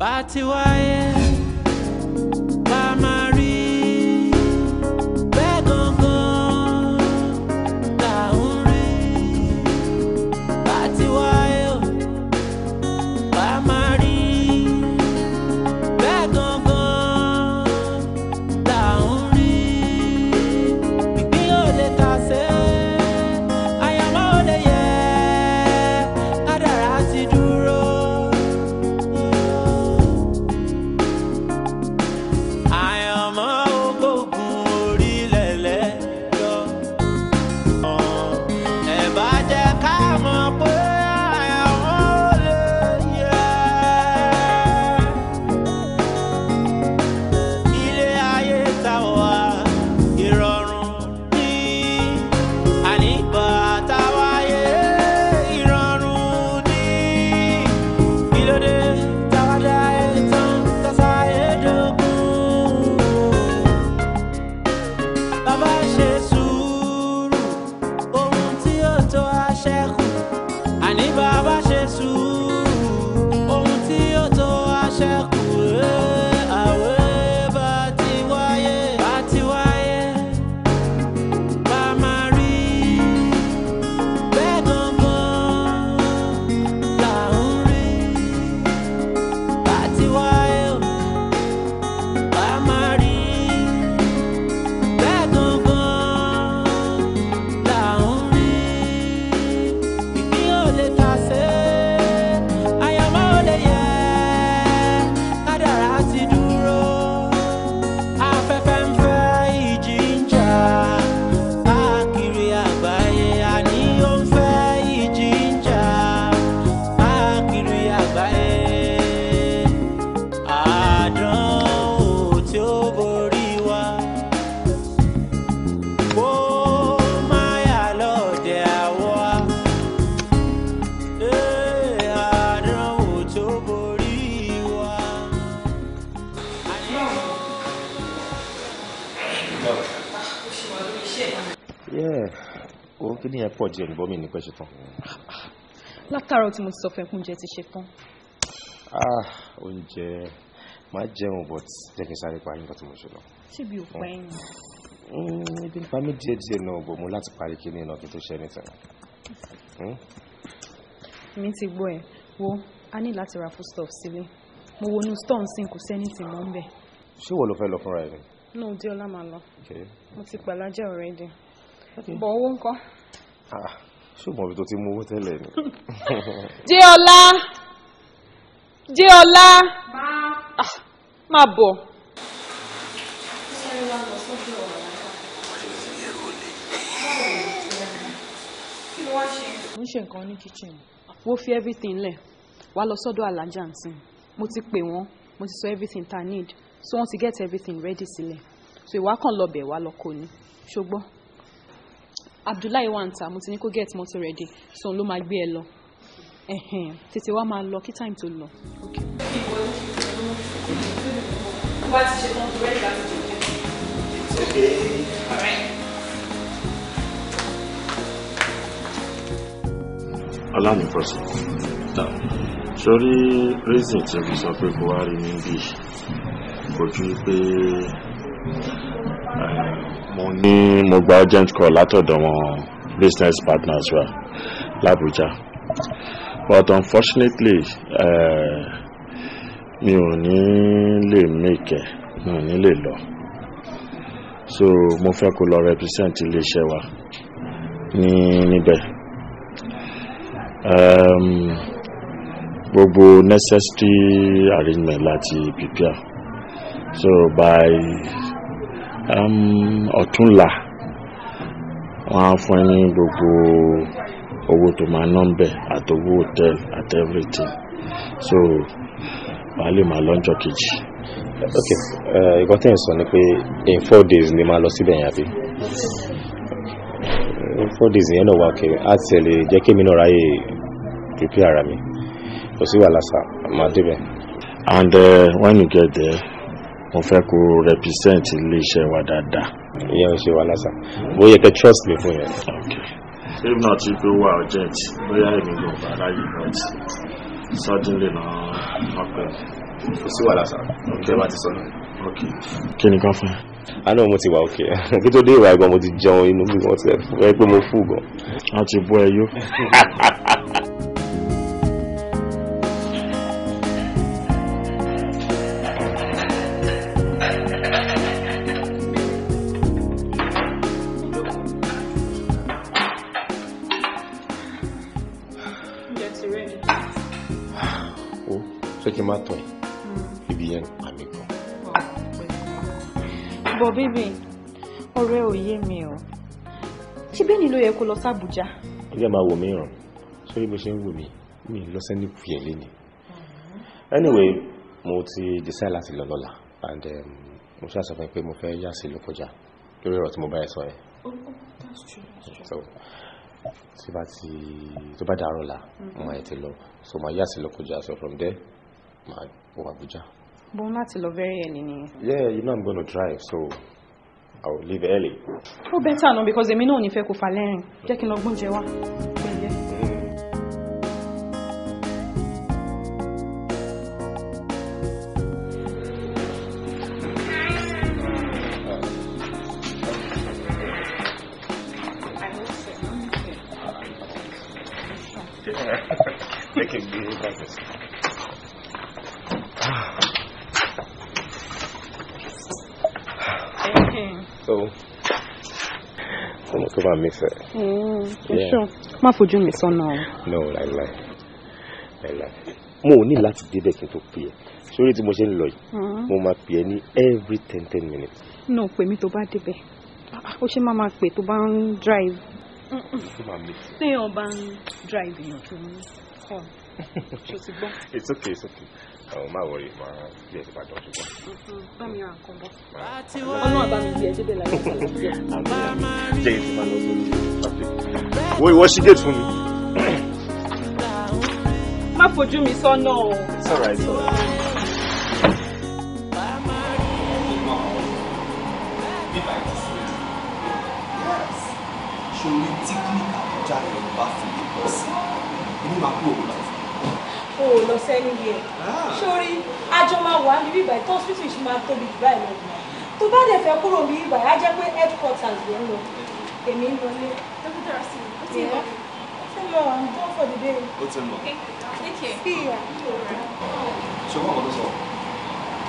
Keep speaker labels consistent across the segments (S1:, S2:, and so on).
S1: Bye to I am.
S2: jẹ ní bọ́mí ní pẹ́ ṣe tán.
S3: látàárọ̀ tí mo ti sọ fún ẹ kún jẹ ti ṣe tán.
S2: Ah, oúnjẹ máa jẹun but jẹ́ kí n sáré parí nǹkan tí mo ṣe lọ.
S3: ṣé bí o pa ẹyin.
S2: Hmm, ebi ń pa mí díẹ̀ díẹ̀ náà bò mo láti parí kíní iná kí tó ṣe anything. Hmm?
S3: mi ti gbọ́ ẹ̀ wo a ní láti ra foodstuff sílé mo wo inú store nsìn kò sẹ́ni tì mọ́ ń bẹ̀.
S2: ṣé wo ló fẹ́ lọ fúnra ẹ̀ ni.
S3: no diola máa lọ mo ti pàlájà already bọ̀ owó ńkọ́.
S2: Ah, ṣùgbọ́n ibi tó ti mú owó tẹ́lẹ̀ ni.
S4: Jíọlá Jíọlá ah,
S3: máa bọ̀. mo ń ṣe nǹkan ní kitchen wo fi everything lẹ̀ wá lọ sọ́dọ̀ alájà nsìn mo ti pè wọ́n mo ti sọ everything ta need so wọ́n ti get everything ready sílẹ̀ so ìwà kan lọ bẹ̀ wá lọ kò ní ṣùgbọ́n. Abdullahi wà ń ta mo ti ní kó get mọ́tò rẹ̀ dé so ló máa gbé ẹ lọ tètè wá máa lọ kí time tó lọ. Okay. All right.
S4: allow me first now sori reason tí mo sọ pé buhari ní bí kojú pé ní mo gba urgent call látọ̀dọ̀ wọn business partners wa l'Abuja but unfortunately uh, mi ò ní lè make ẹ̀ e, mi ò ní lè lọ so mo fẹ́ kó lọ represent iléeṣẹ́ wa ní níbẹ̀ um, gbogbo necessary arrangement láti prepare so by ọ̀túnla wọ́n á fún ẹ ní gbogbo owó tó máa ná bẹ̀ àtowó hotel
S2: àti everything so wà lè máa lọ́jọ́ kejì. ok ìkan tí ẹ̀ sọ ni pé in four days ni máa lọ síbẹ̀ yẹn àbí four days yẹn náà wà kiri á tiẹ̀ lè jẹ́ kémi náà ráyè prepare ara mi kò sí wàhálà sá màá débẹ̀. and uh, when you get there
S4: mo fẹ́ kó represent iléeṣẹ́ wa dáadáa. ìyẹn ò ṣe wà lásán ó yẹ kẹ́ trust me fún yẹn. if not if you wà urgent bóyá èmi ló bá ráyè but suddenly náà wọ́n pẹ́. kò sí wà lásán kí ẹ bá ti sọ náà.
S2: kí ni ká fún un àná mo ti wà òkè kí tó dé ìwà ẹ̀gbọ́n mo ti jẹun inú bí wọ́n ti ẹ̀ fún ẹ pé mo fú gan. a ti bọ ẹ
S3: lọ sàbújá.
S2: ilé máa wò mí sórí bó ṣe ń wò mí mi lọ sẹ́ni kù yẹn ni anyway mo ti decide láti lọ lọ́la and um, mo ṣáà sọ fún pé mo fẹ́ yà sí Lókọ́jà lórí ọ̀rọ̀ tí mo bá ẹ sọ ẹ. Oh, oh, tí bá ti tó bá dàárọ̀ la mo mm-hmm. máa ti lọ so máa yà sí Lókọ́jà so from there máa wọ Àbújá.
S3: bọ́n láti lọ very early nìyẹn.
S2: yeah you know i'm gonna drive so. I will leave early.
S3: Oh, better no, because èmi náà ò ní fẹ́ kó falẹ́rìn jẹ́ kí n lọ gbóúnjẹ wá.
S2: so someone come and mix it. Mm, yeah. sure.
S3: Má fojú mi sọ́nà o.
S2: No, I like, I like. Mo, láti débẹ̀ kí n tó pè é. Sórí tí mo ṣe ń lọ yìí, mm. mo máa pè é every ten ten minutes.
S3: No, pè mí tó bá débẹ̀. Ó ṣe máa máa pè tó bá ń drive. Téèyàn bá ń drive èèyàn kì í kọ́.
S2: It's okay, it's okay àwọn máa wọrí máa bí ẹ ti bá dọ̀tún bọ̀. Mm-hmm. bá mi ra nǹkan bọ̀. ọlọ́run bá mi bí ẹ débẹ̀ láyé ìsàlẹ̀. jẹ́ ìsìn máa lọ sórí traffic. wo ìwọ ṣí gate fún mi.
S5: má fojú mi sọ́nà o. it's alright it's alright. ṣòro tí kílíkà tó fi lè bọ́ sí i inú máa kúrò
S6: o ò lọ sẹ́ni yẹn ah. sórí àjọ máa wà ní bíbá tó hospital ṣì máa tóbi jù báyìí lọ tó bá dẹ̀ fẹ́ kúrò ní bíbá á jẹ́ pé headquarters ló ń lọ èmi ń lọlé dókítà sí i ó ti mọ̀ ó ti mọ̀ i'm done for the day. ó ti mọ̀ sí ìyá.
S5: ṣùgbọ́n ọ̀dọ́ sọ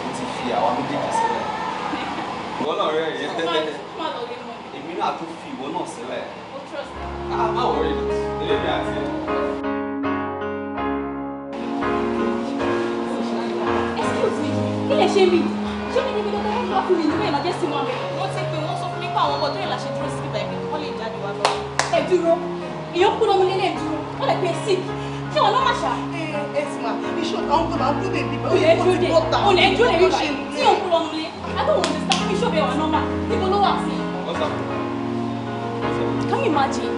S5: mo ti fi àwọn méjèèjì sílẹ̀ ìwọ náà rẹ̀ yẹn tẹ́tẹ́ èmi náà tún fi ìwọ náà sílẹ̀. ó trust me. a ah, máa wọrí ilé mi àti ẹ̀.
S6: ṣe mí ṣé mi
S3: níbi lọ́dọ̀ wọn lọ́ọ́ fún mi níbẹ̀ ìlàjẹ́
S6: sí wọn. wọ́n ti pè wọ́n sọ fún mi pé àwọn ọmọ tó yẹ láṣẹ dúró sí ibà ìpín wọ́n lè jáde wá lọ. ẹ dúró ìyókù lọmọ nílé dúró wọ́n lè pè é sí ṣé wọn lọ́ọ́ màṣá.
S3: ẹ ẹ sì máa iṣẹ́ ọ̀tá ń gbọ́dọ̀ àbúrò bèbí bá
S6: òye kò ti bọ́ta òye kò ti bọ́ta tí òkú
S3: lọmọ nílé agbóhùn ti sá fún iṣẹ́ ọ̀bẹ níbo ló wà sí.
S6: Can you imagine?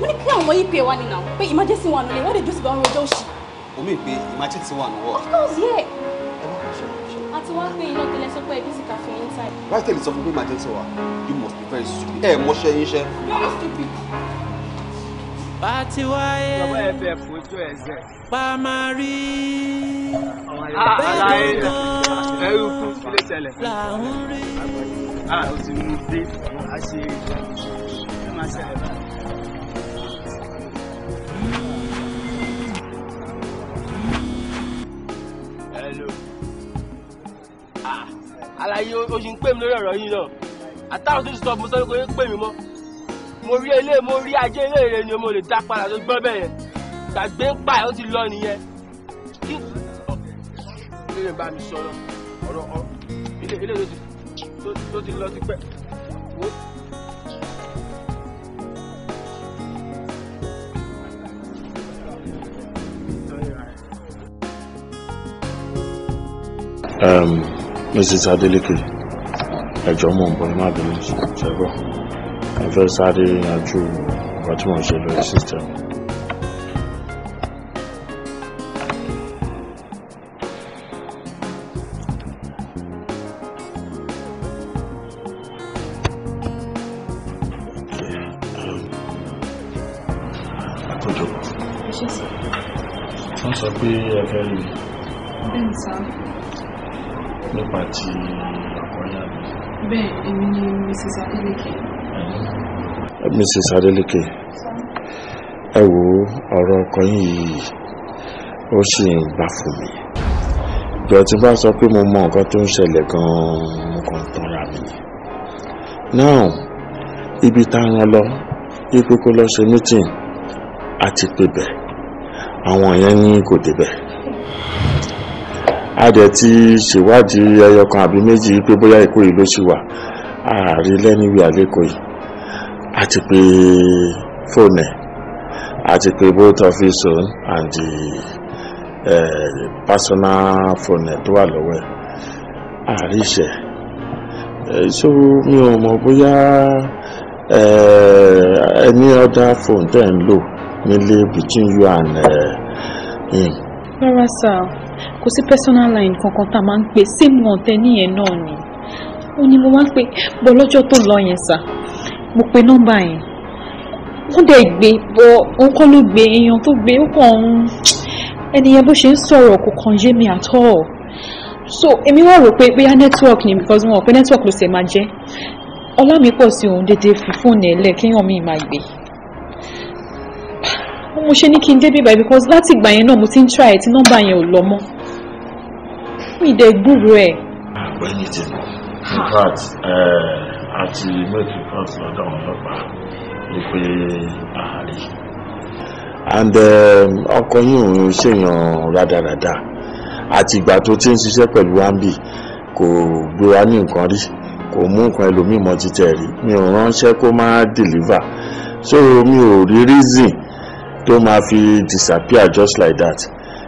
S6: wọ́n ní kí àwọn ọmọ yìí pè wá nínú pé emergency wà nílé wọ́n lè dúró sí ìgbà wọn rojọ́ òṣì.
S5: omi pe emergency wà níwọ̀. Of
S6: course, yeah ti wá pé iná tẹ́lẹ̀ sọ pé ẹbí
S5: you must be very stupid ẹ eh, mọṣẹ́ yín ṣẹ́.
S1: very stupid. Bàtí wáyé. Ìjọba ẹ bẹ̀ fojú ẹ zẹ̀. Pàmárì. Bẹ́ẹ̀ tó tán. Ẹrú kú kílé tẹ̀lẹ̀. Làwọn
S5: rí. A ah, ò mú dé, a ṣe é. Ẹ máa ṣẹlẹ̀ báyìí.
S7: àlàyé oṣù ń pè lórí ọ̀rọ̀ yìí náà àtàwọn tó sọ fún sọ́dún kò ní pè mí mo rí ilé mo rí ajé ilé rẹ ni mo lè dá padà tó gbọ́ bẹ́ẹ̀ yẹn gbàgbé ń pa ẹ̀ ó ti lọ nìyẹn kí ilé bá mi sọ̀rọ̀ ọ̀rọ̀ ọ̀rọ̀ ilé ilé tó ti lọ ti pẹ́ wo.
S4: Um, mrs adeleke ẹjọ mò ń bọ̀ ẹ má bínú ṣẹgbọ ẹ fẹ́ sáré yanjú nǹkan tí mò ń ṣe lórí system. Wọ́n sọ pé ẹ fẹ́ rí
S3: Bẹ́ẹ̀ni sáà
S4: nípa ti àkọ́yà
S3: mi. bẹ́ẹ̀ èmi ni mrs adeleke.
S4: mrs adeleke ẹ wo ọ̀rọ̀ ọkọ yìí ó sì ń gbà fún mi ìjọ tí bá sọ pé mo mọ nǹkan tó ń ṣẹlẹ̀ gan-an mo kàn tanra mi ni. ibi tá a rán lọ ipe kó lọ ṣe mítìn àti pé àwọn yẹn ní kò débẹ̀ a dẹ̀ ti ṣèwádìí ẹyọ kan àbí méjì pé bóyá èkó yìí ló ṣì wà ààrí lẹ́ni wí àlékòó yìí àti pé fóònù ẹ̀ àti pé both of his own and the uh, personal phone ẹ̀ tó wà lọ́wọ́ ẹ̀ ààrí ìṣẹ̀ so mi ò mọ̀ bóyá any other phone tẹ̀ ń lò nílé between you and uh, him.
S3: rárá sáà kò sí personal line kankan tá a máa ń pè same one tẹ níyẹn náà ni ó ní mo máa ń pè bọ́ lọ́jọ́ tó lọ yẹn sà mo pe nọ́mbà yẹn wọ́n dẹ̀ gbé bọ́ òun kọ́ ló gbé èèyàn tó gbé ó kàn ń ẹnìyẹn bó ṣe ń sọ̀rọ̀ kò kàn yé mi at so èmi wá rò pé bóyá network ni because wọn ò pé network ló ṣe máa jẹ́ ọlá mi pọ̀ sí òun déédéé fi fóònù ẹ̀ lẹ̀ kéèyàn mi máa gbé mo ṣe ní kí n dé bíbá because láti ìgbà yẹn náà mo ti ń try ẹ tí nọ́mbà yẹn ò lọ mọ́ mi dẹ̀ gbúrò ẹ̀.
S4: àgbẹ̀ ní ti in fact àti eh, make report lọ́dọ̀ àwọn ọlọ́pàá wípé ààrẹ. and um, ọkọ yìí ò ń ṣèyàn rádaràda àti ìgbà tó ti ń ṣiṣẹ́ pẹ̀lú ambi kò gbé wa ní nǹkan rí kò mú nǹkan ẹlòmíì mọ́ títẹ̀ rí mi ò ránṣẹ́ kó má deliver so mi ò rí reason tó máa fi disappear just like that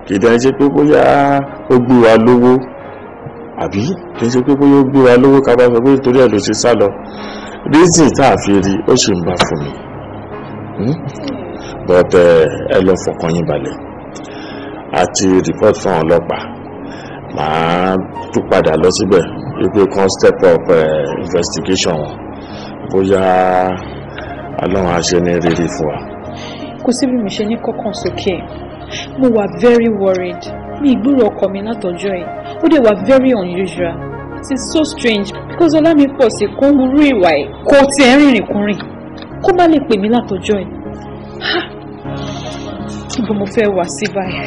S4: kì í dẹ́n ṣe pé bóyá ó gbé wa lówó àbí kì í ṣe pé bóyá ó gbé wa lówó ká bá sọ pé torí ẹ̀ ló ṣe sá lọ reason tá a fi rí ó sì ń bá fún mi hmm? but eh, ẹ lọ fọkàn yín balẹ̀ àti report fún àwọn ọlọ́pàá màá tún padà lọ síbẹ̀ wípé kan step up eh, investigation wọn bóyá ọlọ́run á ṣe ní rírí fún wa
S3: kò sí bí mi ṣe ní kọ́kàn sókè mo wà very worried mi ìgbúrò ọkọ mi látọjọ́ yìí ó dẹ̀ wà very unusual it is so strange because ọlámipọ̀ sì kó wúrú ìwà ẹ̀ kó tiẹ̀ rìnrìn kúrìn kó má lè pè mí látọjọ́ yìí ha ibo mo fẹ́ wà sí báyìí.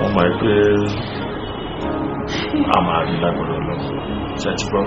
S4: wọ́n máa ń pè é àmàlí lágbọ̀dọ̀ lọ ṣe àtìgbọ́n.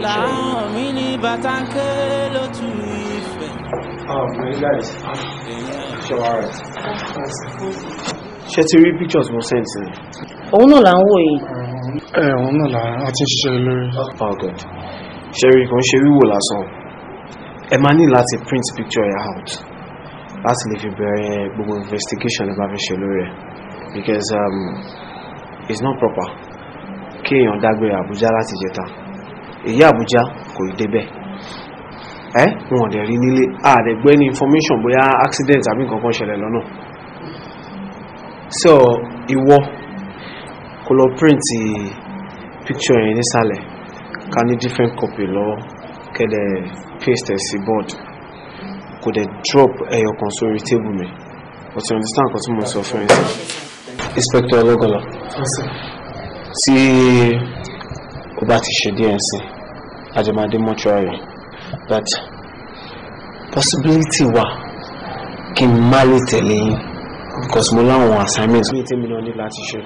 S1: láwọn mi ní bàtà kéré lótú ìfẹ́. guys ṣe wá
S8: rẹ ti rí pictures mo send sí mi. òun náà là ń wò yìí. ẹ eh, òun náà là á ti ṣiṣẹ́ lórí. oh god ṣe rí kò ń ṣe wíwò lásán ẹ máa ní láti print picture ẹ out láti lè fi bẹ̀rẹ̀ gbogbo investigation ẹ bá fi ṣe lórí ẹ because um, it's not proper kéèyàn dágbére Àbújá láti jẹta ìyá àbújá kò ì débẹ̀ ẹ́ wọn dẹ̀ rí nílé àdẹ̀gbẹ́ ní information bóyá accident àbí nǹkan kan ṣẹlẹ̀ lọ́nà so ìwọ kò lọ print picture yẹn nísàlẹ̀ ká ní different copy lọ kẹ́lẹ̀ paste sí board kò dẹ̀ drop ẹyọ kan sórí table mi but you understand nǹkan tí mo sọ fún yín sí inspector ọlọ́gọ́lá sí tó bá ti ṣe díẹ̀ sí àjọmọdé mọ́túárì but possibility wà kí n má lè tẹ̀lé yín because mo láwọn assignment mi tí mi náà ní láti ṣe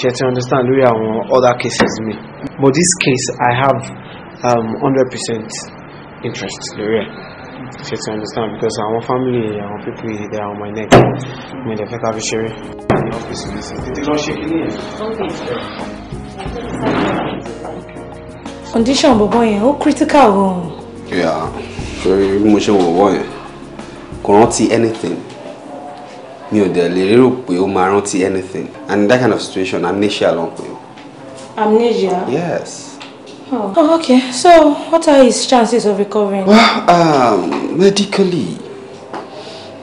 S8: ṣe ti understand lórí àwọn other cases mi but this case I have um, 100% interest lórí ẹ̀ ṣe ti understand because àwọn family àwọn people yìí they are on my neck mi lè fẹ́ ká fi ṣeré ní ọ́fíìsì mi sí títí lọ́ọ́ ṣe kí nìyẹn
S6: condition bọ̀bọ̀ yẹn ó critical gan
S5: yeah ṣe bí mo ṣe wọ̀ wọ̀ yẹn anything mi ò dẹ̀ lè rérò pé ó máa rántí anything and in that kind of situation amnesia ló ń pè
S6: amnesia. yes. Oh. oh okay so what are his chances of recovering. well
S5: um, medically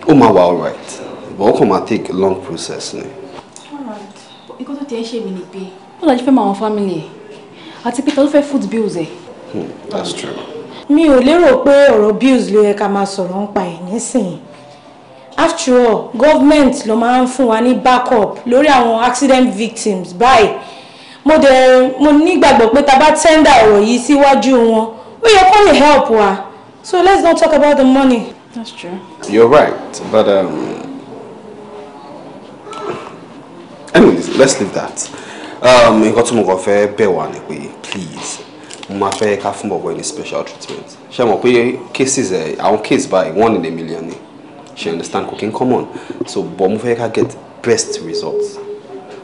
S5: ó máa wà alright but ó kàn máa take long process ni.
S6: alright nǹkan tó tẹ̀ ẹ́ ṣe mi ni pé wọ́n lọ́jọ́ fẹ́ mọ àwọn family ẹ̀ àti pé ta ló fẹ́ food bills ẹ̀.
S1: Hmm, that's true. mi
S6: ò lérò pé ọ̀rọ̀ bills ló yẹ ká máa sọ̀rọ̀ ń pa ẹ̀ nísìnyí after all government ló máa ń fún wa ní backup lórí àwọn accident victims báyìí mo dẹ̀ mo nígbàgbọ́ pé ta bá tender ọ̀rọ̀ yìí síwájú wọn ó yẹ kó lè help wa so let's not talk about the money. that's
S3: true.
S5: you're right but um, anyways let's leave that. Um, nǹkan tí mo kàn fẹ́ bẹ̀ wá ni pé please mo máa fẹ́ ká fún bọ̀bọ̀ ní special treatment ṣe mọ̀ pé cases ẹ̀ eh, àwọn case báyìí one in a million ni she understand cooking common so but mo fẹ́ ká get best results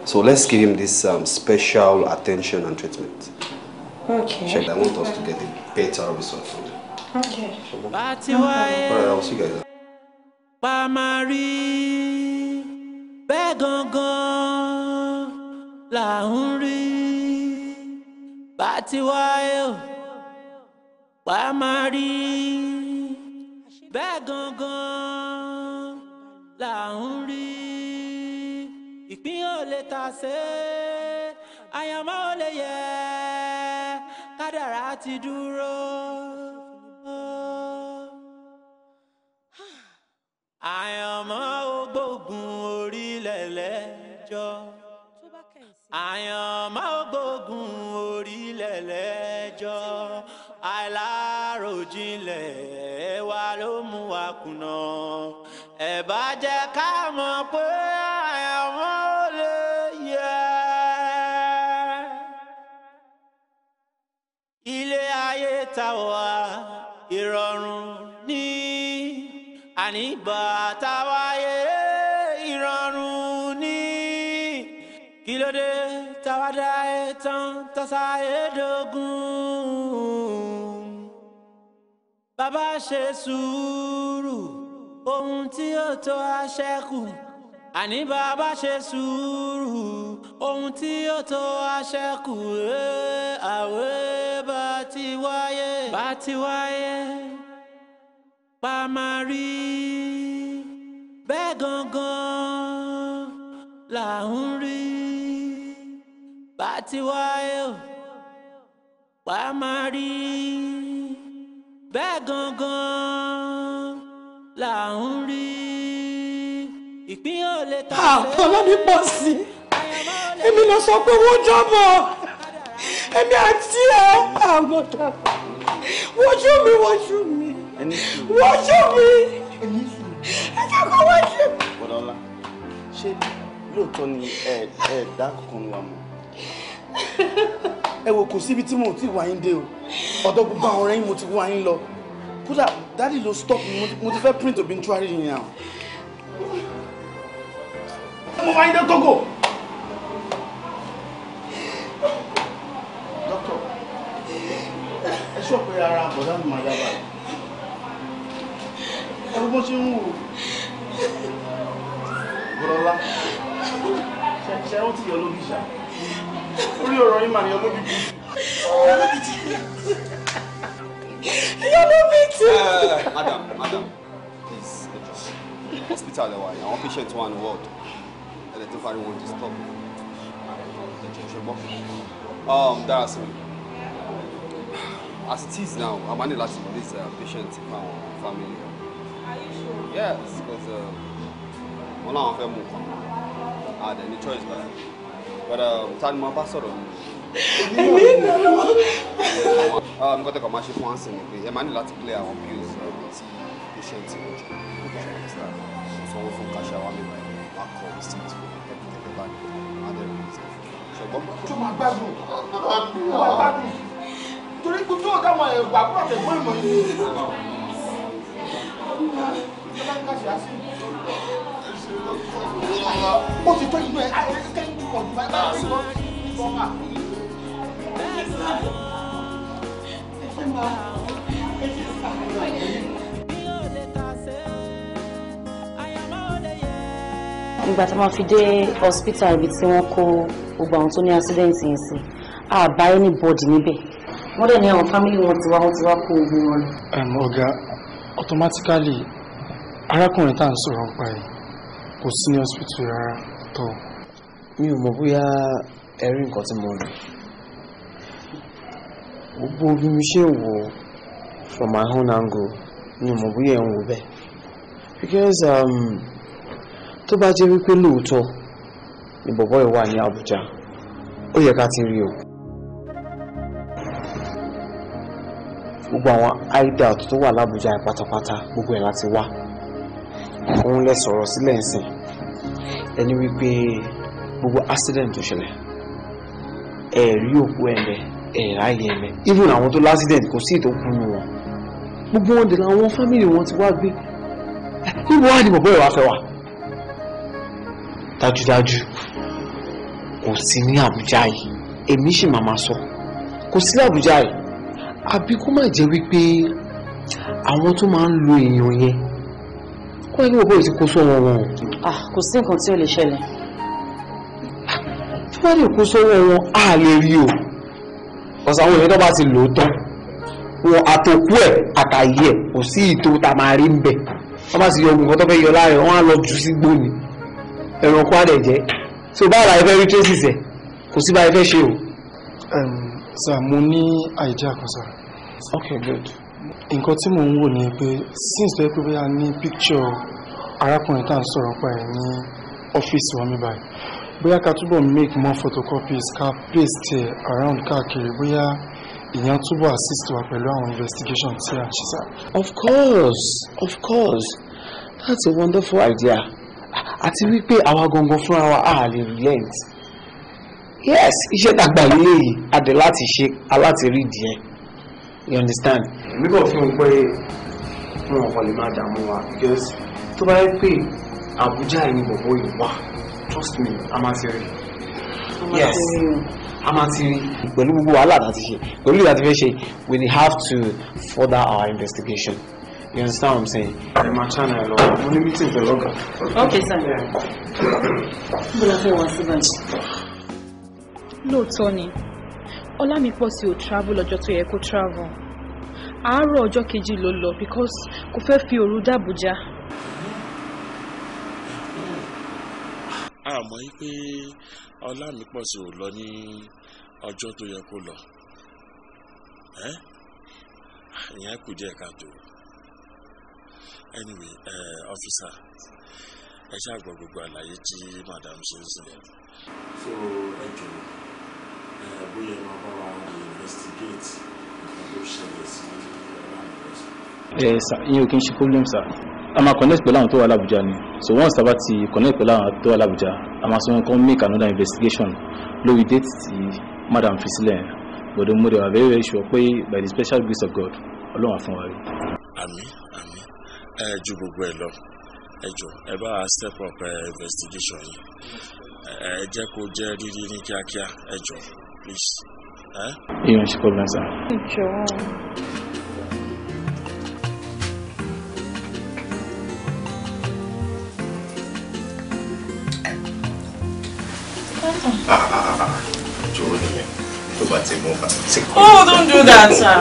S5: so let's give him this um, special attention and treatment.
S1: Okay. She, I want us to get
S5: a better result from him.
S1: Okay. All right, I'll see you guys. Bamari, bẹ́ẹ̀ gangan là ń rí bá ti wáyé o wá máa rí bẹ́ẹ̀ gangan là ń rí ìpín ò lè tà sé àyànmọ́ ò lè yẹ kádàrá ti dúró. àyànmọ́ gbógun orílẹ̀ lẹ́jọ́ àìláròjinlẹ̀ wa ló mú wa kùnà ẹ bá jẹ́ ká mọ̀ pé àyànmọ́ ò lè yẹ. ilé ayé ta wá ìrọ̀rùn ní àníbàtà. bàbá ṣe sùúrù ohun tí ó tó á ṣẹ́kù àní bàbá ṣe sùúrù ohun tí ó tó á ṣẹ́kù ẹ̀ àwẹ̀ bá ti wáyé bá ti wáyé bá máa rí bẹ́ẹ̀ gangan là ń rí bá ti wáyé bá máa rí bẹ́ẹ̀ gangan là ń rí ìpín ò lè tà ah, lé. ọlọ́ni pọ̀ sí èmi lọ sọ pé wọ́n jọ́bọ̀ èmi àti
S7: ẹ̀ àwọn dàgbà wojú mi wojú mi wojú mi ẹ̀jẹ̀ kọ́ wojú mi. bọ́dọ̀ ọlá ṣé lóòótọ́ ni ẹ̀ẹ́dá kankan wà mọ́. ẹ wò kò síbi tí mo ti wà yín dé o ọ̀dọ̀ gbogbo àwọn ọ̀rẹ́ yín mo ti wà yín lọ kódà dáàdì ló stop mi mo ti fẹ́ print obituary yìí now. mo máa ń dé gógó. dókítà ẹ sọ pé ara àbọ̀dá mi máa yára ẹ bó ṣe ń wò ó. gbọ́dọ̀ la ṣe ṣe ó ti yọ lóbi ṣáà orí ọ̀rọ̀ yín mà ní ọmọ bíbí.
S5: yọmọ mi ti. madam madam please ẹ hospital ẹ wà yìí àwọn patient wà ní ward ẹ lè ti fariwo disturb ẹ jọ ṣe um, dára sí mi as it is now i'm managing to release a uh, patient to my family. are you sure. yes because um, wọn làwọn fẹ́ mú nǹkan àdẹ ní choice báyìí bọ́dà uh, ta ni mo bá sọ̀rọ̀ ni. èmi nana. nǹkan tẹ́kọ̀ máa ṣe fún ansi ni ẹ máa ní láti clear àwọn bills uh, tí patient ń jù sanwó fún cash àwọn mi báyìí máa kọ receipt fún everything ẹ báyìí máa dẹ̀ rí receipt ṣùgbọ́n. tó máa gbádùn máa gbádùn
S7: torí pé tó ọ̀gá wọn ẹ̀rù àbúrò àtẹ̀gbọ́n ìmọ̀ yìí. Um, ó
S1: ti tó inú ẹ kẹ́kẹ́ ń kọ̀
S6: máa fi dé
S3: hospital ibi tí wọ́n kó gbogbo àwọn tó ní accident yìí sí àbá anybody níbẹ̀
S8: wọ́n dẹ̀ ní àwọn family wọn ti wá wọn ti wá kó ogun wọn. ọ̀gá automatically arákùnrin tá à ń sọ̀rọ̀ nípa yìí kò sí ní hospital rárá tọ́ mi ò mọ̀ bóyá ẹ nǹkan tí mo gbogbo bí mi ṣe wò from my own angle mi ò mọ̀ bóyá ẹ̀ ń wò bẹ́ẹ̀ because um, tó bá jẹ́ wípé lóòótọ́ ni bọ̀bọ́ Abuja ó yẹ ká ti rí o gbogbo àwọn hideout tó wà lábújá pátápátá gbogbo ẹ̀ òun lẹ sọ̀rọ̀ sílẹ̀ nsìn ẹni wípé gbogbo accident tó ṣẹlẹ̀ ẹ rí òkú ẹ̀mẹ ẹ ráyè ẹ̀mẹ even àwọn tó l'accident kò sí ètò kú wọn gbogbo wọn dènà àwọn fámìlì wọn ti wá gbé níbo wá ni bọ̀bọ̀ ẹ̀ wá fẹ́ wà dájúdájú kò sí ní Àbújá yìí èmi sì máa máa sọ kò sí ní Àbújá yìí àbí kó má jẹ́ wípé àwọn tó máa ń lo èèyàn yẹn kó inú òbó ti kó sọ́wọ́ wọn. Ah, kò sí nǹkan tí ó lè ṣẹlẹ̀. tí wọ́n lè kó sọ́wọ́ wọn á lè rí o ọ̀sán àwọn èèyàn tó bá ti lò ó tán wọn àtòkú ẹ̀ àtàyè ẹ̀ kò sí ìtò tá a máa rí ń bẹ̀ wọ́n bá sì yọ ogun kan tó fẹ́ yọ láàrin wọn á lọ jù sí gbòòní ẹranko á dẹ̀ jẹ́ so báwo la fẹ́ rí traces ẹ̀ kò sí báyìí fẹ́ ṣe o. sir mo ní àìjẹ́ àkànṣe. okay good nǹkan tí mò ń wò ni pé since tó yẹ pé bóyá ní picture arákùnrin tá à ń sọ̀rọ̀ pa ẹ̀ ní ọ́fíìsì wa mi báyìí bóyá ká túbọ̀ make more photocopies ká paste ẹ̀ around káàkiri bóyá ìyẹn túbọ̀ assist wa pẹ̀lú àwọn investigation tí a ṣe sá. of course of course that's a wonderful idea àti wípé àwa gangan fúnra wa a lè relent yes iṣẹ́ tàgbà ilé yìí adẹ̀ láti ṣe aláti rí ìdí you understand. èmi kàn fi hàn pé wọn ò kàn lè máa dààmú wa because tó bá yẹ pé Abuja, yìí ni bọ̀bọ̀ yìí wà trust me a máa ti rí yes a máa ti rí. pẹ̀lú gbogbo wàhálà láti ṣe pẹ̀lú ìlànà fẹ́ ṣe we have to further our investigation. You understand what I'm saying? I'm my channel alone. I'm only meeting the logger. Okay, sir. Yeah. Bọ́lá
S1: fẹ́ wá síbẹ̀.
S3: Lóòótọ́ ni. Ọlámipọ̀sí ò travel lọ́jọ́ tó yẹ kó travel àárọ̀ ọjọ́ kejì ló lọ because kò fẹ́ fi òru dàbújá.
S4: àmọ́ pé Ọlámipọ̀sí ò lọ ní ọjọ́ tó yẹ kó lọ ìyẹn kù díẹ̀ káàtó anyway uh, officer ẹ ṣáà gbọ́ gbogbo àlàyé tí madam ṣe ń sílẹ̀. so ẹ jọ̀wọ́ bóyá ẹ máa bá wa investigate nǹkan ṣẹlẹ̀ sí
S2: ọlọ́run. Eh, sà ìyẹn kí n ṣe problem sà a máa connect pẹ̀lú àwọn tó wà lábújá ni so once tá a ti connect pẹ̀lú àwọn tó wà lábújá a máa sọ wọn kàn make another investigation lórí date tí madam fi sílẹ̀ gbọdọ̀ mo dẹ̀ wà very very sure pé by the special grace of God ọlọ́run á fún wa rí. àmín
S4: àmín ẹ ju gbogbo ẹ lọ ẹ jọ ẹ bá a step up eh, investigation yìí ẹ jẹ́ kó jẹ́ rírí ní kíákíá ẹ jọ please. ìyẹn ṣe
S8: problem
S2: sir. oh don't
S1: do that sir.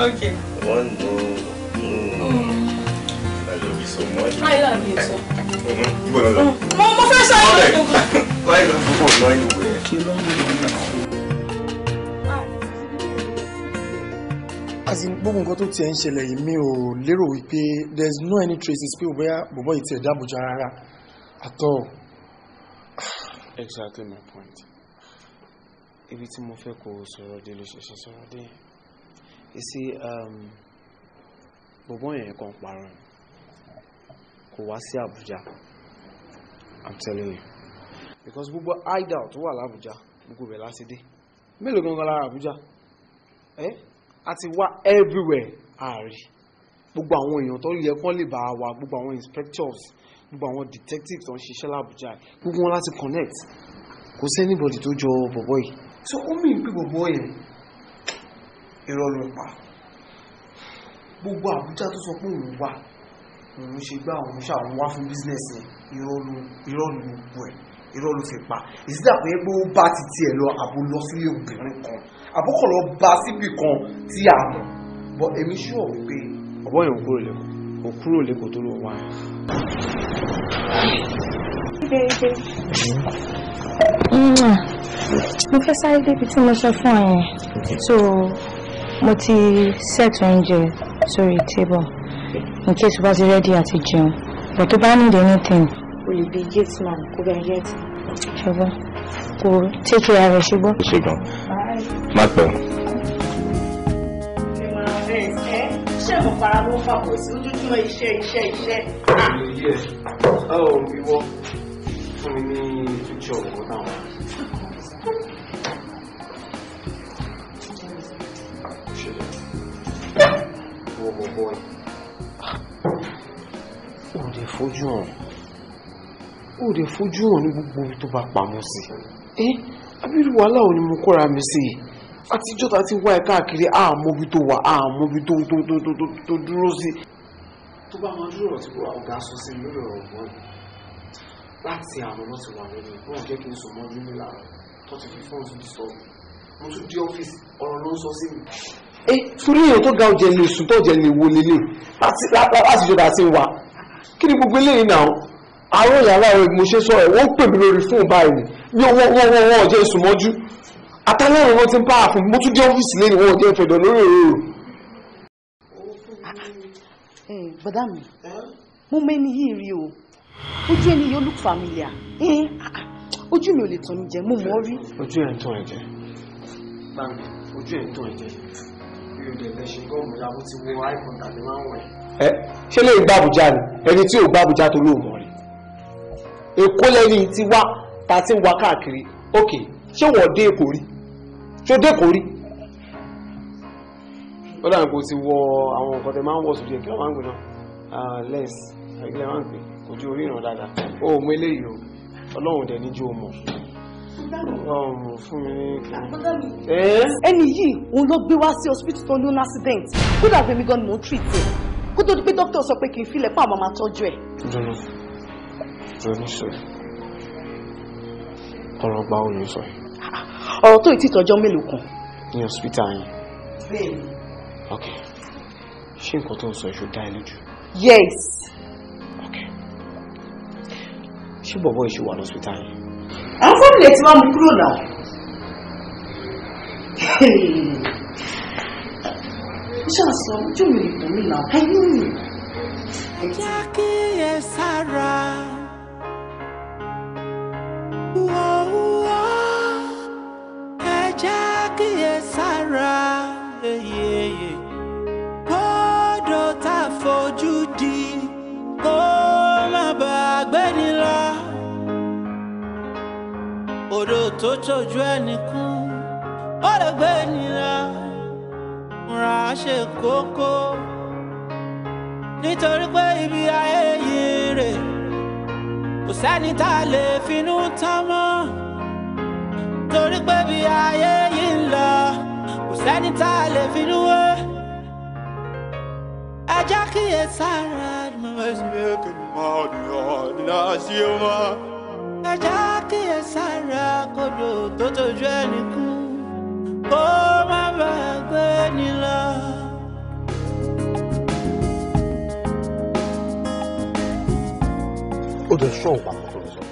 S1: okay. one more so
S6: I love you too.
S2: Mm-hmm. You wanna love me?
S6: Mo fẹ́ sọ yín lójú.
S2: Why you go for annoying you wear? Kí ló ń lò náà?
S8: As in gbogbo nǹkan tó tiẹ̀ ń ṣẹlẹ̀ yìí mi ò lérò wípé there is no any traces pé bóyá bọ̀bọ̀ yìí tiẹ̀ dáàbò jọ rárá at all. Exactly my point. Ibi tí mo fẹ́ kó sọ̀rọ̀ dé ló ṣẹ̀ṣẹ̀ sọ̀rọ̀ dé. You see, um, bọ̀bọ̀ yẹn kan parọ́ ni kò wá sí Àbújá i'm telling you because gbogbo idol tó wà lábújá gbogbo rẹ̀ lásìdé mélòó gangan lára Àbújá ẹ́ a ti wá everywhere ààrí gbogbo àwọn èèyàn tó yẹ kán lè bá wa gbogbo àwọn inspectors gbogbo àwọn detectives tó ń ṣiṣẹ́ lábújá gbogbo wọn láti connect kò sí anybody tó jọ bọ̀bọ̀ yìí so ó mì pé bọ̀bọ̀ yẹn irọ́ gbogbo Àbújá tó sọ pé òun wà òun ṣe gbá òun ṣà òun wá fún business yẹn gbogbo ẹ̀ ìrọ̀lù fi pa ìsídà pé pé ó bá ti tiẹ̀ lọ àbò lọ sílé obìnrin kan àbúkọ̀ lọ bá síbì kan tí a mọ̀ bọ́ èmi ṣúọ̀ wípé. ọ̀bọ̀n yẹn ò kúrò lẹ́kọ̀ọ́ ò kúrò lẹ́kọ̀ọ́ tó lọ wá.
S6: mo fẹ́ sáré débi tí mo sọ fún ọ yẹn so mo ti set oúnjẹ sórí table in case you bá ready at the gym, but tó bá need anything. o lè bi gate man kó bẹ yẹ ti. ṣùgbọ́n kò take care rẹ̀
S2: ṣùgbọ́n. ṣe gan má pẹ́ o.
S3: ṣé mo fara mọ́ fapò sí ojoojúmọ́ iṣẹ́ iṣẹ́ iṣẹ́.
S8: Ah, lè fojú hàn ó lè fojú hàn ní gbogbo ibi tó bá pamọ́ sí ẹ abirù wàhálà ò ní mo kóra mi sí i àtijọ́ ta ti wá ẹ káàkiri àmọ́bi tó wà àmọ́bi tó tó dúró sí. tó bá máa dúró ọ̀tí kó ọ̀gá sọ sí mi lórí ọ̀rọ̀ bọ́ọ̀lù láti àwọn ọmọ ti wà lẹ́nu ìgbọ́n jẹ́ kí n sọ mọ́ ọdún nílà tó ti fi fọ́ọ̀sì bí sọ mo tún dé ọ́fíìsì ọ̀rọ̀ ló ń sọ sí mi.
S7: ẹ torí èèyàn tó ga ọ̀jẹ̀ lè sùn tó ọ̀jẹ̀ lè wo lélẹ̀ láti jọba sí wa kí ni gbogbo eléyìí náà àwọn èèyàn aláàrẹ mo ṣe sọ ẹ wọ́n pè mí lórí fóònù báyìí ni wọ́n wọ́n wọ́n wọ́n ọ̀jẹ́ sùn mọ́jú àtàlẹ́rìn wọn ti ń pààfù mo tún dé ọ́fíìsì lẹ́yìn wọn ọ̀jẹ́ ìfẹ̀dọ̀ lórí òróró.
S3: bọ́dà mi mo mẹ́ni yìí rí o ojú ẹni yóò look familiar ojú mi ò lè tàn mí jẹ mo mọ̀ ọ́ rí.
S8: ojú ẹ̀ ń tàn ẹ̀ jẹ ojú ẹ̀ ń tàn ẹ̀ jẹ bí o dẹ̀ fẹ́ ṣe gọ́ọ̀mù ya bó ti wọ iphone tàbí máa ń wẹ̀
S7: ẹ ṣé lè gba àbújá ni ẹni tí ò gba àbújá tó lóò mọ̀ rẹ̀
S8: èkó lẹ́ni tí wá ta ti ń wá káàkiri ok ṣé wọ́n dé èkó rí ṣé dé èkó rí ó dà kó ti wọ àwọn nǹkan tẹ máa ń wọ sórí ẹ kí wọ́n máa ń gbé náà ah, lens ẹgbẹ́ máa ń gbé kò ju oríran dáadáa ó mú eléyìí o ọlọ́run dẹ̀ níjú o mọ̀
S3: ẹni yìí òun ló gbé wá sí hospital tó ní un accident kódà gbẹmí gan ni mo treat ẹ kó tó di pé dókítà sọ pé kì í filẹ̀ pé àwọn máa tọ́jú ẹ̀.
S8: jọ̀nù jọ̀nù sọ̀rọ̀ ọ̀rọ̀ gba òye sọ.
S3: ọ̀rọ̀ tó ì tí tọ́jọ́ mélòó kan.
S8: ní hospital yẹn. bẹ́ẹ̀ ni. ok ṣé nǹkan tó ń sọ èso dá ẹ lójú.
S3: yes. ok
S8: ṣé bọ̀bọ̀ èso wà lọ́sítà yẹn.
S3: àwọn fúnmi lè ti máa mú kúrò náà ṣàṣọ ojú mi lè tẹ̀lé là ayé mi. ẹ jẹ́ kí ẹ sára.
S1: Wọ́wọ́ ẹ jẹ́ kí ẹ sára. Kódò tá a fojú di tó tójú ẹnì kún, ó lè gbẹ́ni lọ ìmúra ṣe kókó nítorí pé ibi ayé yìí rè kò sẹ́ni tá a lè finú tán mọ́ torí pé ibi ayé yìí ń lọ kò sẹ́ni tá a lè finú wé ẹ kíyè sára ẹ kíyè sára kódò tó tójú ẹni kú.
S5: dẹ̀ ṣọ́ òpá kan tó ń sọ.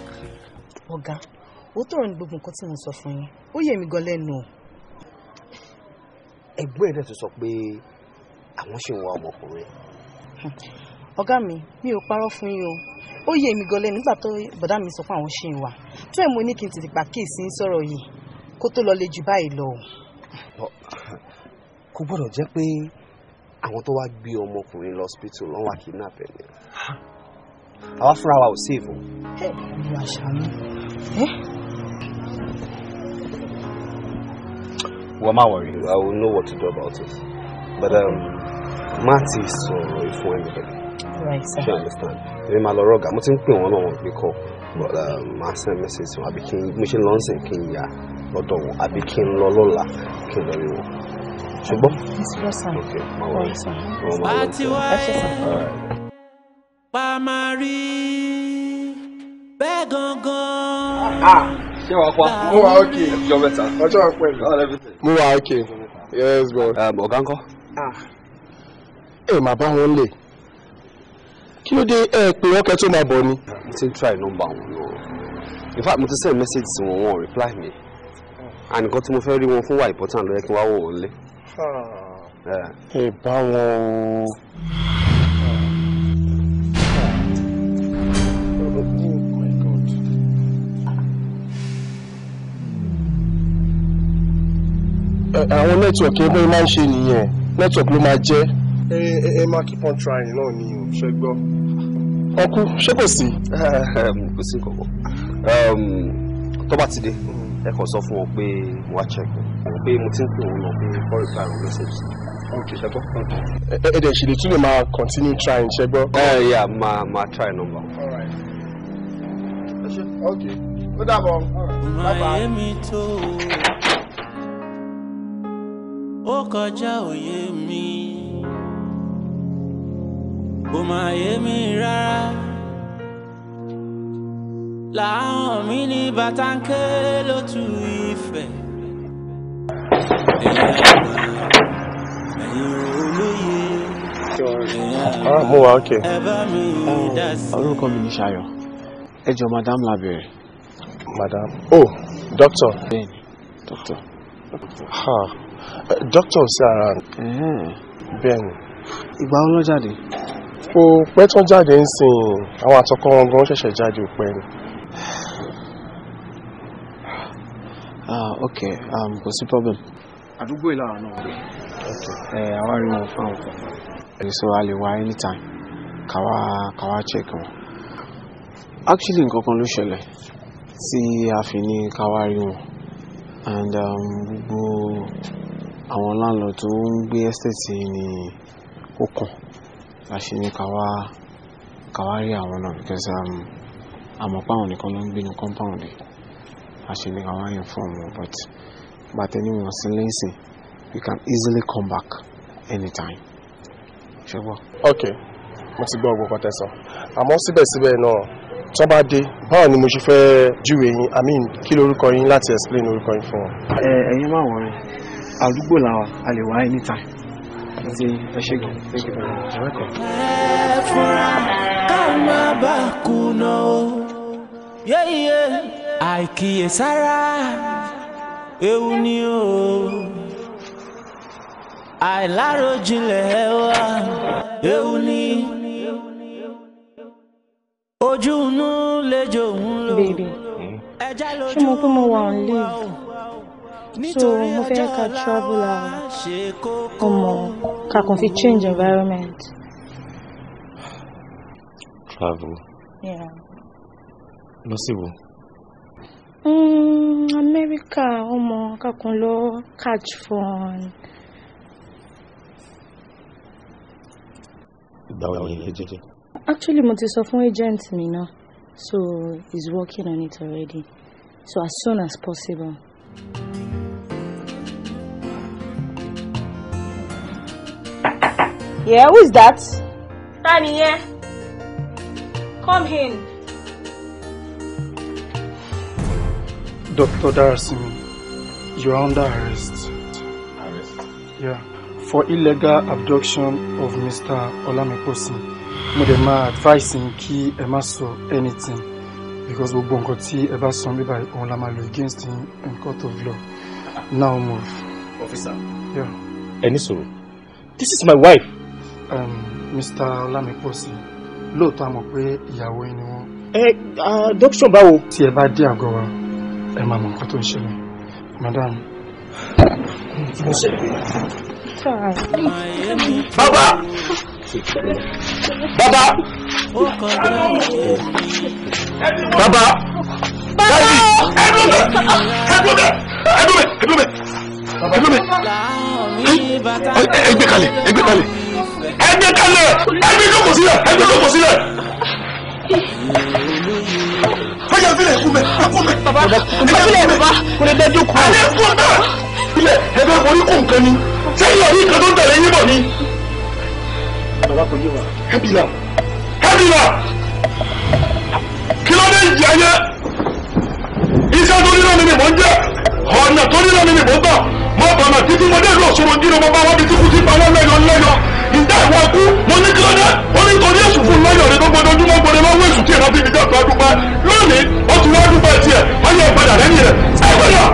S3: ọ̀gá ó tọrọ ní gbogbo nǹkan tí mo sọ fún yín ó yẹ mí gan lẹ́nu o.
S5: ẹgbẹ́ rẹ̀ ti sọ pé àwọn ṣì ń wá ọmọkùnrin.
S3: ọ̀gá mi mi ò parọ́ fún yín o ó yẹ mí gan lẹ́nu nígbà tó bọ̀dá mi sọ fún àwọn ṣì ń wá tó ẹ̀ mo ní kí n tètè pàkíyèsí ń sọ̀rọ̀ yìí kó tó lọ le jù báyìí lọ.
S5: kò gbọ́dọ̀ jẹ́ pé àwọn tó wá gbé ọmọkùnrin lọ hospital lọ́wọ́ kidnap ẹ̀ ni àwa fúnra wa ò save o.
S3: ẹ wà ṣàánú.
S5: wọ́n má worry I will know what to do about it but má um, ti sọ̀rọ̀ uh, ìfún ẹni bẹ̀rẹ̀. Right, sir. You understand? Èmi máa lọ rọ́gà, mo ti ń pè wọ́n náà wọ́n gbé kọ́, but máa um, send message wọn, àbí kí n mo ṣe ń lọ ń sìn kí n yà lọ́dọ̀ wọn, àbí kí lọ lọ́la kí n lọ rí wọn. Ṣùgbọ́n.
S8: Yes, sir. Okay, máa wọ̀ ọ́.
S1: Ẹ ṣe sàn pa máa rí
S5: bẹ́ẹ̀ gangan. ṣé wàá pa mo wà ókè ọjọ́ mẹ́ta ọjọ́ pẹ̀lú
S7: mo wà ókè yes bro. ọ̀gá ńkọ́.
S5: Ah. ẹ máa bá wọn lè kí ló dé ẹ pé wọn kẹ tó máa bọ̀ ni. mo ti ń try nọ́mbà wọn lọ in fact mo ti send message to wọn wọn reply me. Ah. and nǹkan tí mo fẹ́ rí wọn fún wa important ló yẹ kí n wá wò wọn lé. Ah. ẹ bá wọn o.
S7: àwọn nẹ́tíwọ̀kì ẹgbẹ́ máa ń ṣe nìyẹn nẹ́tíwọ̀kì ló máa jẹ́.
S5: ẹ máa keep on trying náà ni o ṣe gbọ́. ọkú ṣé kò sí. Ehm, kò sí kankan ehm, tó bá ti dé ẹ kàn sọ fún ọ pé wàá check pé mo ti ń pè wọn lọ pé kọ́ reply on message ẹ̀ẹ́dẹ̀ ṣe lè tún lè máa continue trying ṣe gbọ́. ẹ eh, yà máa máa try number.
S1: ó dàbọ̀ bye bye ó kọjá òye mi kò má yé mi rárá làwọn mi ní bàtàǹkè ló ìfẹ́ ẹ̀yà àgbà oh,
S8: orúkọ mi ní Ṣayọ̀ ẹ jọ madam labere. madam oh doctor. bẹ́ẹ̀ni doctor. ha doctor sí Ben, mm-hmm. bẹ́ẹ̀ ni. ìgbà wọn lọ jáde. kò pẹ́ tán jáde ń sìn àwọn àtọkọ wọn gan ṣẹ̀ṣẹ̀ jáde ò pẹ́ ni. Ah, ok um, kò sí problem. àdúgbò ìlara náà rè é àwa rí wọn fún àwọn kan. ẹni sọ a lè wá anytime káwa káwa check wọn. actually nǹkan kan ló ṣẹlẹ̀ tí a fi ní káwa rí wọn and um, gbogbo. Um, àwọn láńlọ tó ń gbé ẹ́stéètì ni ó kàn láṣẹ ní káwá káwá rí àwọn náà because àmọ́ um, páwọn nìkan ló ń gbé ní compound láṣẹ ní káwá inform wọn but bàtẹ́ ní wọn sí lẹ́sìn you can easily come back anytime ṣùgbọ́n. ok mo ti gbọ́ ọgbọ́n pátá àmọ́ síbẹ̀síbẹ̀ náà tó bá dé báwo ni mo ṣe fẹ́ júwe yín i mean kí lorúkọ yín láti explain orúkọ yín fún wọn. ẹ ẹ̀yin máa wọrin àdúgbò làwà a lè wá anytime àti ẹṣẹ́gun thank you very much. ẹ
S1: fura ká má bá kùnà o yéyé àìkíyèsára ewu ni o àìláròjinlẹ̀ wa ewu ni ojú inú lejò ń lò ẹja lójú ọ̀hún. ṣé mo so mo fẹ́ ká travel out
S6: kò mọ̀ kàn fi change environment.
S4: travel.
S1: Yeah.
S2: lọ sí wo.
S6: Mm, America ọmọ kakun lọ catch fun.
S2: ìgbà wo ni ẹ jẹjẹ.
S6: actually mo ti sọ fún agent mi náà so he's working on it already so as soon as possible.
S3: Yeah, who is that?
S6: Ta yeah. Come in.
S8: Dr. Darasimi, you are under arrest. Arrest? Yeah, for illegal abduction of Mr. Olamiposi. I'm dẹ̀ máa advise yín kí ẹ anything because gbogbo nǹkan tí ẹ bá sọ bíbá ìpọn against him in court of law. Now move. Officer. Yeah.
S2: Ẹ ní This
S8: is my wife. Mr. Ọlámipọ̀sí lóòótọ́ a mọ̀ pé ìyàwó yín ni wọ́n. ẹ dókítà báwo. tí ẹ bá dé àgọ́ wa ẹ máa mọ nǹkan tó ń ṣẹlẹ̀ madam.
S4: bàbá
S1: bàbá
S7: bàbá bàbá ẹdùnmẹ ẹdùnmẹ ẹdùnmẹ ẹdùnmẹ
S1: ẹdùnmẹ
S7: ẹgbẹ kalẹ̀ ẹgbẹ kalẹ̀ ẹgbẹ́ kalẹ̀ ẹgbẹ́ jókòó sílẹ̀ ẹgbẹ́ jókòó sílẹ̀. fọyà fílẹ̀ ẹ̀kú mẹ́ ẹ̀kú mẹ́. bàbá fílẹ̀ bàbá kò lè dẹ́jú kù. alẹ́ fún ọ̀tá ilẹ̀ ẹgbẹ́ orí kò nǹkan ni sẹ́yìn ọ̀rí kan tó ń tẹ̀lé yín bọ̀ ni. bàbá kò yé wa. ẹbìlà ẹbìlà kí ló dé ìjì ayé iṣẹ́ tó nílò ni mi mò ń jẹ́ ọ̀nà tó nílò ni mi mò ń bà mọ̀ bàmà títí mo dé ìlú Òṣogbo dínú mo bá wọ́n bí tí kú ti pa wọ́n lẹ́yọ dá ìwà kú mo ní kí ló dé ó ní torí èṣù fún lọ́yọ̀ rẹ tó gbọdọ̀ ojúmọ́ gbọdọ̀ lọ́wọ́ èṣù tí ìrántí mi dọ̀tún adúpẹ́ lónìí ó ti wá dúpẹ́ tiẹ̀ ọyẹ ìpadà lẹ́yìn rẹ̀ ẹgbẹ́yà.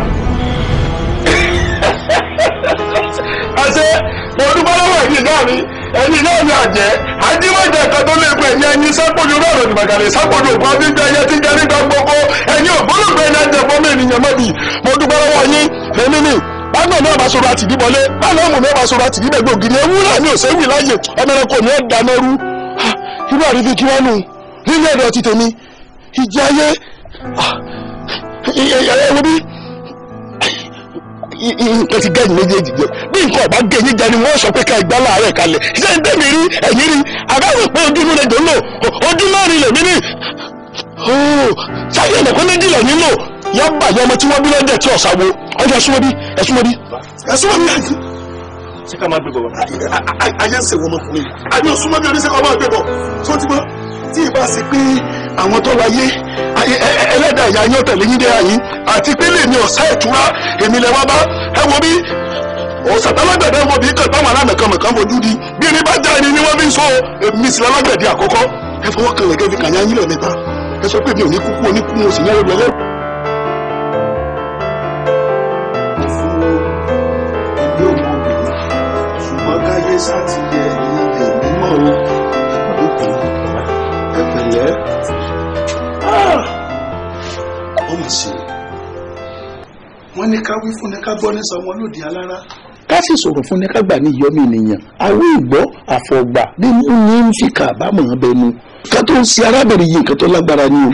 S7: àṣẹ mo dúpẹ́ lọ́wọ́ ẹ̀yìn náà ni ẹ̀yìn náà ni àjẹ́ ajímọ̀jẹ̀ kan tó lè pè ní ẹyin sápòjú rọ̀rọ̀ nìbàgàlè sápòjú òkú abíjẹ́ ẹyẹ tí jẹ́ nígbà gbogbo ẹ̀yìn ògbólógbò ẹ̀yìn àjẹ̀fọ́mọ ènìyàn mọ́bi mo dúpẹ́ lọ́wọ́ yín èmi ni bágbọ̀n náà bá sọ̀rọ̀ àtìdí bọlé báàlọ́ọ̀mù náà bá sọ̀rọ̀ àtìdí bẹ̀gbẹ̀ ògiri ewúrẹ́ mi ò sẹ́wì láàyè ẹmẹrẹkọ mi ẹ̀ dáná rú irú àrífi kí wọ́n nù nílé ẹ̀dọ̀ ti tèmi ìjì ayé ah, ẹ̀wọ́ bí nǹkan ti gẹ́yìn méjèèjì jẹ bí nǹkan ọ̀bá gẹ̀yìn jẹ ni wọ́n sọ pé ká ìgbà láàárẹ̀ kalẹ̀ ṣé ń tẹ̀mí rí ẹ̀yìn rí àbáwọ̀ pé ojú inú rẹ̀ dùn lò ojú náà rí lèmi ní. sáyẹn ẹ̀kọ́ méjìlá nílò yá bàyẹ̀ ọmọ tí wọ́n bí lọ́dẹ̀ tí ọ̀sà wo ọjọ́ ẹ̀sùn mọ́bí ẹ̀sùn mọ́bí. ẹ̀sùn mọ́bí àti. ṣé ká máa gbé bọ̀ bá. ayé ń ṣe ọmọkùnrin àbí ọ̀sùn mọ́bí oníṣẹ́ kan máa gbé bọ̀ tó ti gbọ́ tí ì bá ṣe pé àwọn tó wáyé ẹlẹ́dàá ìyá yín ọ̀tẹ̀lẹ́ yín dẹ́ra yín àti pé lèmi ọ̀sá ìtura èmi lẹ bá ẹ wo bí ọ̀sàtàlágbẹ̀dẹ wọn bí kàn táwọn alámẹ̀kànmẹ̀kàn fojú di bí ní bá já ẹni ni wọ́n fi ń sọ èmi sì lálágbẹ̀dẹ àkọ́kọ́ ẹ fọwọ́ kan lẹ̀kẹ́ fi kàn yá yín lẹ́ẹ̀mẹ́ta ẹ sọ pé mi ò ní kúkú oníkú mo sì ní ẹrù ẹlẹ́rù. wọ́n ní ká wí fún ni ká gbọ́ ní sọ wọn lòdì alára. ká sì sọ̀rọ̀ fún ni ká gbà ní ìyọ́mí ènìyàn àwọn ìgbọ́ àfọ̀gbà nínú ní ń fi kàbámọ̀ bẹnu ká tó ń ṣe arábìnrin yìí nǹkan tó lágbára ni o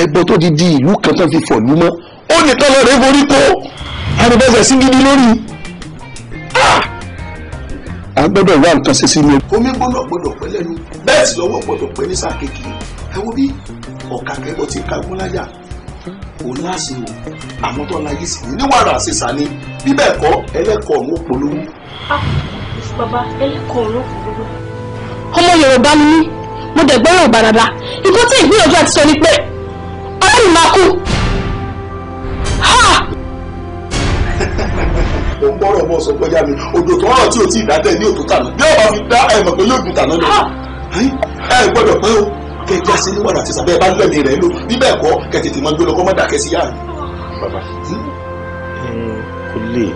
S7: ẹbọ tó di di ìlú kan tó fi fọ̀lú mọ́ ó nìkan lọ rèé borí kó àrùbẹ́sẹ̀ sí gidi lórí. a gbọ́dọ̀ wá nǹkan ṣe sí mi. omi gbọ́dọ̀ gbọ́dọ̀ pẹ́ lẹ́nu bẹ́ẹ̀ sì lọ́wọ́ gbọ́dọ̀ pẹ́ ní sáà kékeré ẹ wo bí ọ̀kà kẹ́gbọ́ ti kagbọ́n láyà òun náà sì wò àwọn tó láyé sí ní wàrà àṣìṣà ni bí bẹ́ẹ̀ kọ́ ẹlẹ́kọ̀ọ́ ọ̀hún polówó. Ah,
S6: bàbá ẹlẹ́kọ̀ọ́ ọ̀hún polówó.
S7: ọmọ yorùbá ni mí mo dẹ̀ gbọ́ yorùbá dáadáa nǹkan tí ìgbìyànjú àti sọ ni pé ọ̀rẹ́ mi máa kú. mo ń bọ́rọ̀ bọ́ sọ kọjá mi odò tó ọ̀rọ̀ tí o ti dá tẹ̀ ní òtútà mi bí ọba mi dá ẹ̀ mọ̀ pé yóò dùn tà náà lọ. ẹ gbọ́dọ̀ pé o kẹ já sí níwọ̀n àti sàbẹ́ bá lẹ́mìí rẹ̀ lò níbẹ̀ kọ́ kẹ tètè máa gbé lọ kọ́ mọ́ dàkẹ́ sí yára.
S2: bàbá hmm? kò lè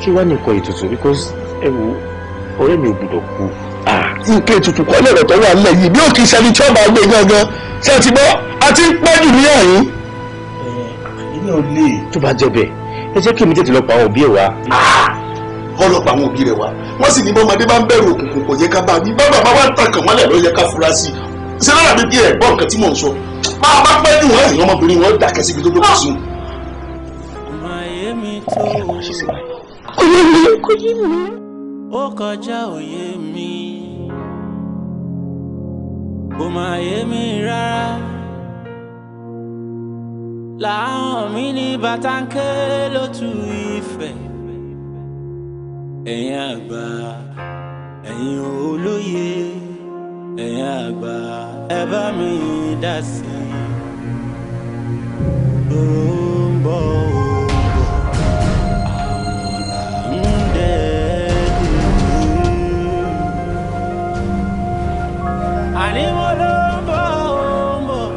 S2: kí wàá ní nǹkan ètùtù because ẹ wo ọ̀rẹ́ mi ò gbọ́dọ̀ kú. nǹkan ètùtù kọ́ lọ́rọ̀ tó wà nílẹ̀ yìí bí ó kì í ṣẹni tí ó máa gbé gangan ṣé ẹ ti gbọ́ a
S7: ti ń pẹ́ jù ní àyín. ilé ò lè tó bá jẹ bẹ́ẹ̀ ẹ jẹ́ kí èmi tètè lọ pa àwọn òbí ẹ̀ wá wọ́n lọ pa àwọn òbí rẹ̀ wá wọ́n sì ní bọ́mọdé bá ń bẹ̀rù òkùnkùn kò yẹ ká bá a ní bá bàbá wa ń takàn mọ́lẹ̀ ló yẹ ká fura sí i ṣé lára mi bí ẹ̀gbọ́n nǹkan tí mò ń sọ máa bá pẹ́ jù wọ́n ẹ̀yìn ọmọbìnrin wọn dákẹ́ síbi tó lókè sùn.
S1: ó kọjá òye mi kò máa yé mi rárá láwọn mi ní bàtàǹkẹ́ lótú ìfẹ́ ẹ̀yin àgbà ẹ̀yin olóye ẹ̀yin àgbà ẹ bá mi dá sí i òun ń bọ̀ òun bọ̀ àwọn
S5: là ń dẹ́ẹ̀dẹ̀ àní mo ló ń bọ̀ òun
S1: bọ̀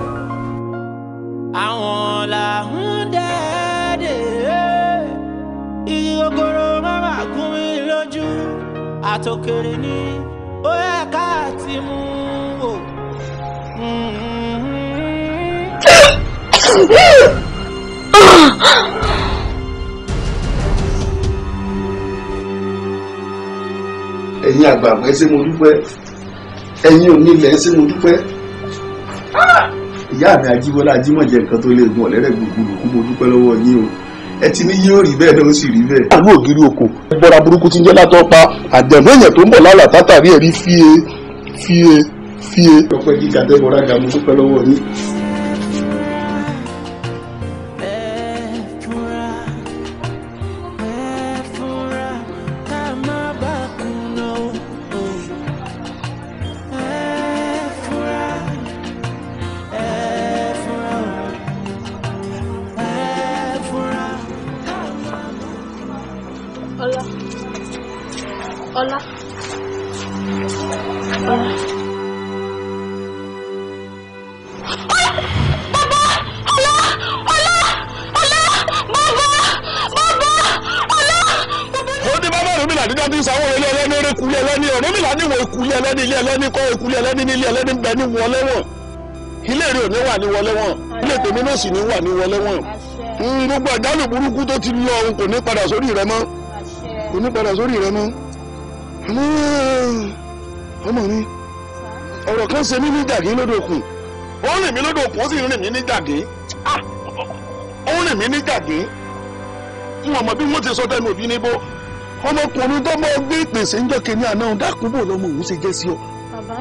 S1: àwọn là ń dẹ́ẹ̀dẹ̀ igi gogoro má má gún mi lójú àtòkèrè ni ó yẹ ká ti mú wò.
S7: ẹ̀yin àgbààgbà ṣé mo dúpẹ́ ẹ̀yin òní ilẹ̀ ṣé mo dúpẹ́ ìyá mi ajíbọ́lá ajímọ̀jẹ nǹkan tó lè gun ọ̀lẹ́rẹ̀ gbogbo mo dúpẹ́ lọ́wọ́ yín o ẹ ti ní yóò rí bẹ́ẹ̀ náà ó sì rí bẹ́ẹ̀. àlú ògiri oko bọ́ra burúkú ti ń jẹ́ látọ́ pa àjẹ̀mú èèyàn tó ń bọ̀ lálàá tátàrí ẹ̀rí fíye fíye fíye ọpẹ́ gíga dẹ́bọ̀rá gàmú dúpẹ́ lọ́wọ́ yín. bẹ́ẹ̀ sì ni wà ní wọléwọ̀n hmm, gbogbo àdálù burúkú tó ti lọ òun kò ní padà sórí rẹ mọ́ kò ní padà sórí rẹ mọ́ ọmọ mi ọ̀rọ̀ kan ṣe mí ní jàgé lódòkun ó rìn mí lódòkun ó sì rìn mí ní jàgé ah! ó rìn mí ní jàgé fún ọmọ bí wọ́n ti sọ tẹnu òbí níbo ọmọkùnrin tó mọ gbé ìpèsè ńjọ kìíní àná dákun bò lọmọ òun ṣe jẹ́ sí ọ.
S6: bàbá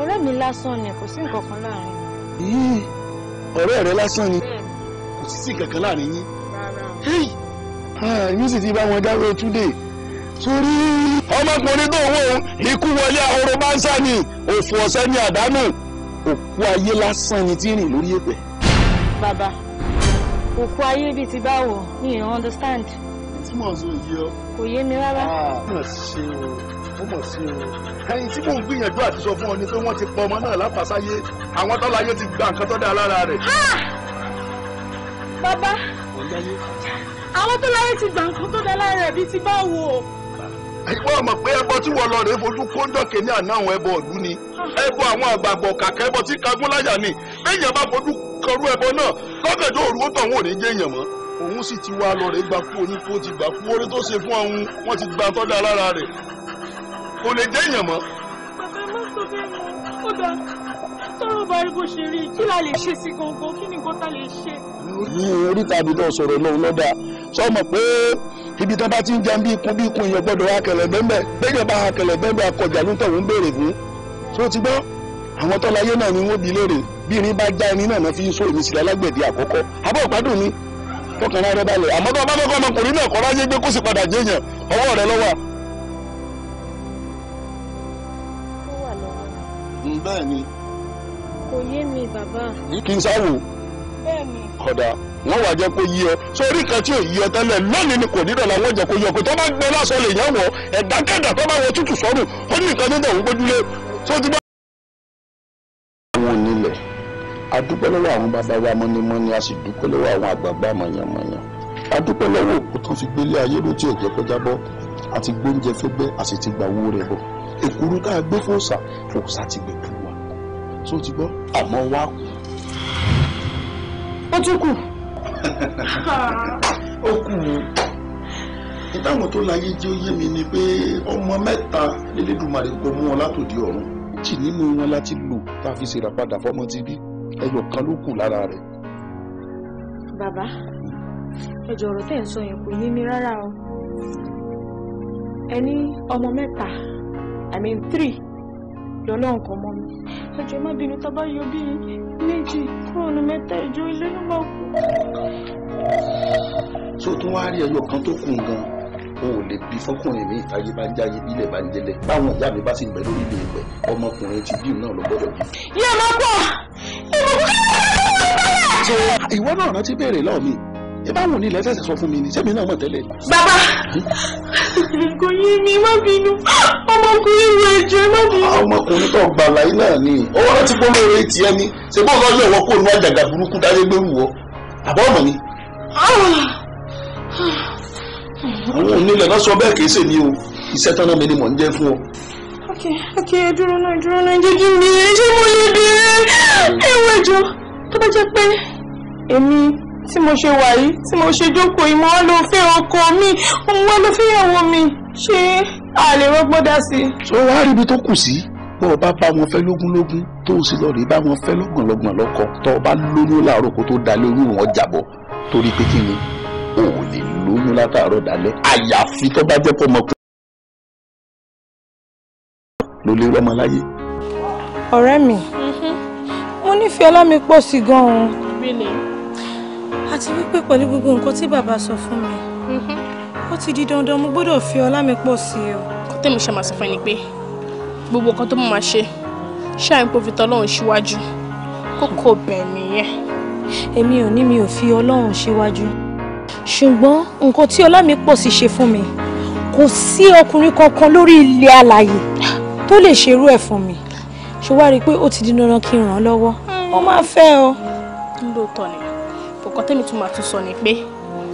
S6: ọ̀rẹ́ mi lásán ni kò sí nǹkan kan
S7: láàrin ọ̀rẹ́ rẹ lásán ni kò sí sí kankan láàrin yín èmi ah, sì ti bá wọn dáwọ́ túdé sórí. ọmọkùnrin tó wò ikú wọlé ahoro bá ń sá ni òfò ọ̀sẹ́ ni àdánù òkú ayé lásán ni tí rìn lórí èpè.
S6: bàbá òkú ayé bíi ti báwo mi ì understand.
S7: tí sọ yìí ọ. kò yé mi rárá. ah ṣe o túbọ̀ sí o ẹyin tí mò ń gbìyànjú àti sọ fún ọ ni pé wọ́n ti pọ ọmọ náà láfàsáyé àwọn tọ́lá ayé ti gba nǹkan tó dáa lára rẹ̀. bàbá àwọn tọ́lá ayé ti gba nǹkan tó dáa lára rẹ̀ bíi ti báwo. ìwọ ọmọ pé ẹbọ tí wọn lọ rèé fojú kóńdọ̀kẹ́ ní àná àwọn ẹbọ ọ̀dún ni ẹbọ àwọn àgbààgbọ̀ kàkẹ́ ẹbọ tí kagún láyà ni bẹ́ẹ̀yàn bá fojú kọrú ẹbọ náà lọ́gàdọ̀ òru ó tàn wọn èèyàn mọ́ òun sì ti wá lọ rèé gbà kú oníkó ti gbà kú orí tó ṣe fún ọ̀hún wọ́n ti gbà tọ́jà lára rẹ̀ o lè jẹ́ èèyàn mọ́. bàbá
S6: má sọ bẹ́ẹ̀ mọ́ ó dà tọ́rọ̀ bá rí bó ṣe rí kí la lè ṣe sí gangan kí ni nǹkan tá lè ṣe.
S7: ní oríta ibi tó sọ̀rọ̀ lóhun ló dáa sọmọ pé ibi tó bá ti ń jẹun bí ikun bí ikun wá bá akọjà ló ń tọ̀ ń béèrè fún bi léèrè bí irin bá já irin náà náà fi ń so alágbẹ̀dẹ àkọ́kọ́ abọ́ ni fọkànlá rẹ balẹ̀ àmọ́ tó bá kọ́ ọmọkùnrin náà kọ́ láyé gbé bẹ́ẹ̀ ni.
S3: kò yé mi bàbá.
S7: kí n sáwò. bẹ́ẹ̀ ni. ọ̀dà wọ́n wàá jẹ́ kó yí ọ sórí kan tí ò yí ọ tẹ́lẹ̀ lónìí ni kò ní dọ̀la wọ́n jẹ́ kó yí ọ pé tó bá gbẹ lásán lè yẹn wọ ẹ̀dákẹ́dà tó bá wọ tútù sọ́rùn ó ní nǹkan tó dẹ̀ ń gbójúlé tó ti bá. àwọn onílẹ̀ a dúpẹ́ lọ́wọ́ àwọn bàbá wa mọ́nímọ́ní a sì dúpẹ́ lọ́wọ́ àwọn àgbààgbà mọ̀yànmọ̀yàn a dúpẹ́ lọ́wọ́ òkú tó fi gbélé ayé ló tí ò jẹ́ kó jábọ́ àti gbóúnjẹ fẹ́gbẹ́ àti ti gbàwó rẹ̀ bọ̀ èkúrú tá gbé fòòsà fòòsà ti gbẹ̀gbẹ̀ só ti gbọ́ àmọ́ wá kù. ó tún kù. ó kù ìtàwọn tó láyé jẹ́ ó yé mi ni pé ọmọ mẹ́ta lélẹ́dùnmarè kò mú wọn látòdì ọ̀run méjì nínú wọn láti lò tá a fi ṣèrà padà fọmọ ti bí ẹyọ kan ló kù lára rẹ̀.
S6: bàbá ẹjọ ọ̀rọ̀ tẹ́ ẹ sọ yẹn kò yé mi rárá o ẹni ọmọ mẹ́ta i mean three lọ́lọ́run kan mọ́ mi ẹjọ má bínú tá a bá yọ bí méjì kúrò ní mẹ́ta ìjọ ilé ló máa kú.
S7: tó tún wá rí ẹyọ kan tó kù gan o ò lè bí fọkùnrin mi ìtayé bá ń jáyé bílẹ̀ bá ń jẹlẹ̀ báwọn ìyá mi bá sì ń bẹ lórí ilé ìwẹ̀ ọmọkùnrin ti bíi náà ló gbọ́dọ̀ bí. yẹ máa bọ̀ ìwọ náà rántí béèrè lọ́ọ̀ mi ṣé báwo ni ilẹ̀ ṣẹ̀ṣẹ̀ sọ fún mi ni sẹ́mi náà mọ̀ tẹ́lẹ̀. bàbá kò yé mi má bínú ọmọkùnrin ìwé ẹ̀jẹ̀ má bínú. Ah, ọmọkùnrin tó gbà láyé náà ni owó rẹ ti gbóló rẹ tiẹ̀ ni ṣé bó lọ yọ̀wọ́ kó nu àjàgà burúkú dáyé gbérù wọ àbọ̀ ọmọ ni. àwọn onílẹ̀ náà sọ bẹ́ẹ̀ kì í ṣe mi o iṣẹ́ tán náà mi ni mò ń jẹ́ fún ọ.
S3: ok
S6: ok dúró náà dúró náà jẹ́ kí n bèrè ṣé mo lè bèrè ẹ̀wọ̀n ẹ̀jọ̀ tó bá jẹ́ pé èmi tí mo ṣe wà yìí tí mo ṣe jókòó yìí mo wá lọ fẹ́ ọkọ
S3: mi òun wá lọ fẹ́ ìyàwó mi ṣé
S7: a lè rọ́gbọ́n dá sí i. ṣé wàá rí ibi tó kù sí bó o bá bá wọn fẹ́ lógúnlógún tó o sì lọ rí bá wọn fẹ́ lọ́gbọ̀nlọ́gbọ̀n lọ́kọ tó o bá lóyún láàárọ̀ kó tó dalẹ́ oyún wọn jàbọ̀ torí pé kí ni o ò lè lóyún látàárọ̀ dalẹ́ àyàfi tó bá jẹ́ pọ̀ mọ́ kó ló lè rọ́mọ láyé.
S6: ọ̀rẹ́ mi mm-hmm. mo nífẹ̀ẹ́ ọlọ́mi pọ̀ sí gan-an àti wípé pẹ̀lú gbogbo nǹkan tí bàbá sọ fún mi mm-hmm. ó ti di dandan mo gbọ́dọ̀ fi ọlá mi pọ̀ sí i o. kó tèmi ṣe máa sọ fún ẹni pé gbogbo nǹkan tó máa ṣe ṣáà ń pòfin tọ́lọ́run síwájú kókó bẹ́ẹ̀ nìyẹn. èmi ò ní mi ò fi ọlọ́run síwájú ṣùgbọ́n nǹkan tí ọlá mi pọ̀ sí ṣe fún mi kò sí ọkùnrin kankan lórí ilẹ̀ alàyè tó lè ṣerú ẹ̀ fún mi ṣe wá rí i pé ó ti di dandan kí n ràn án lọ́wọ́ ó máa fẹ́ o. lóòótọ́ ni nǹkan tẹ́mi tún máa tún sọ ni pé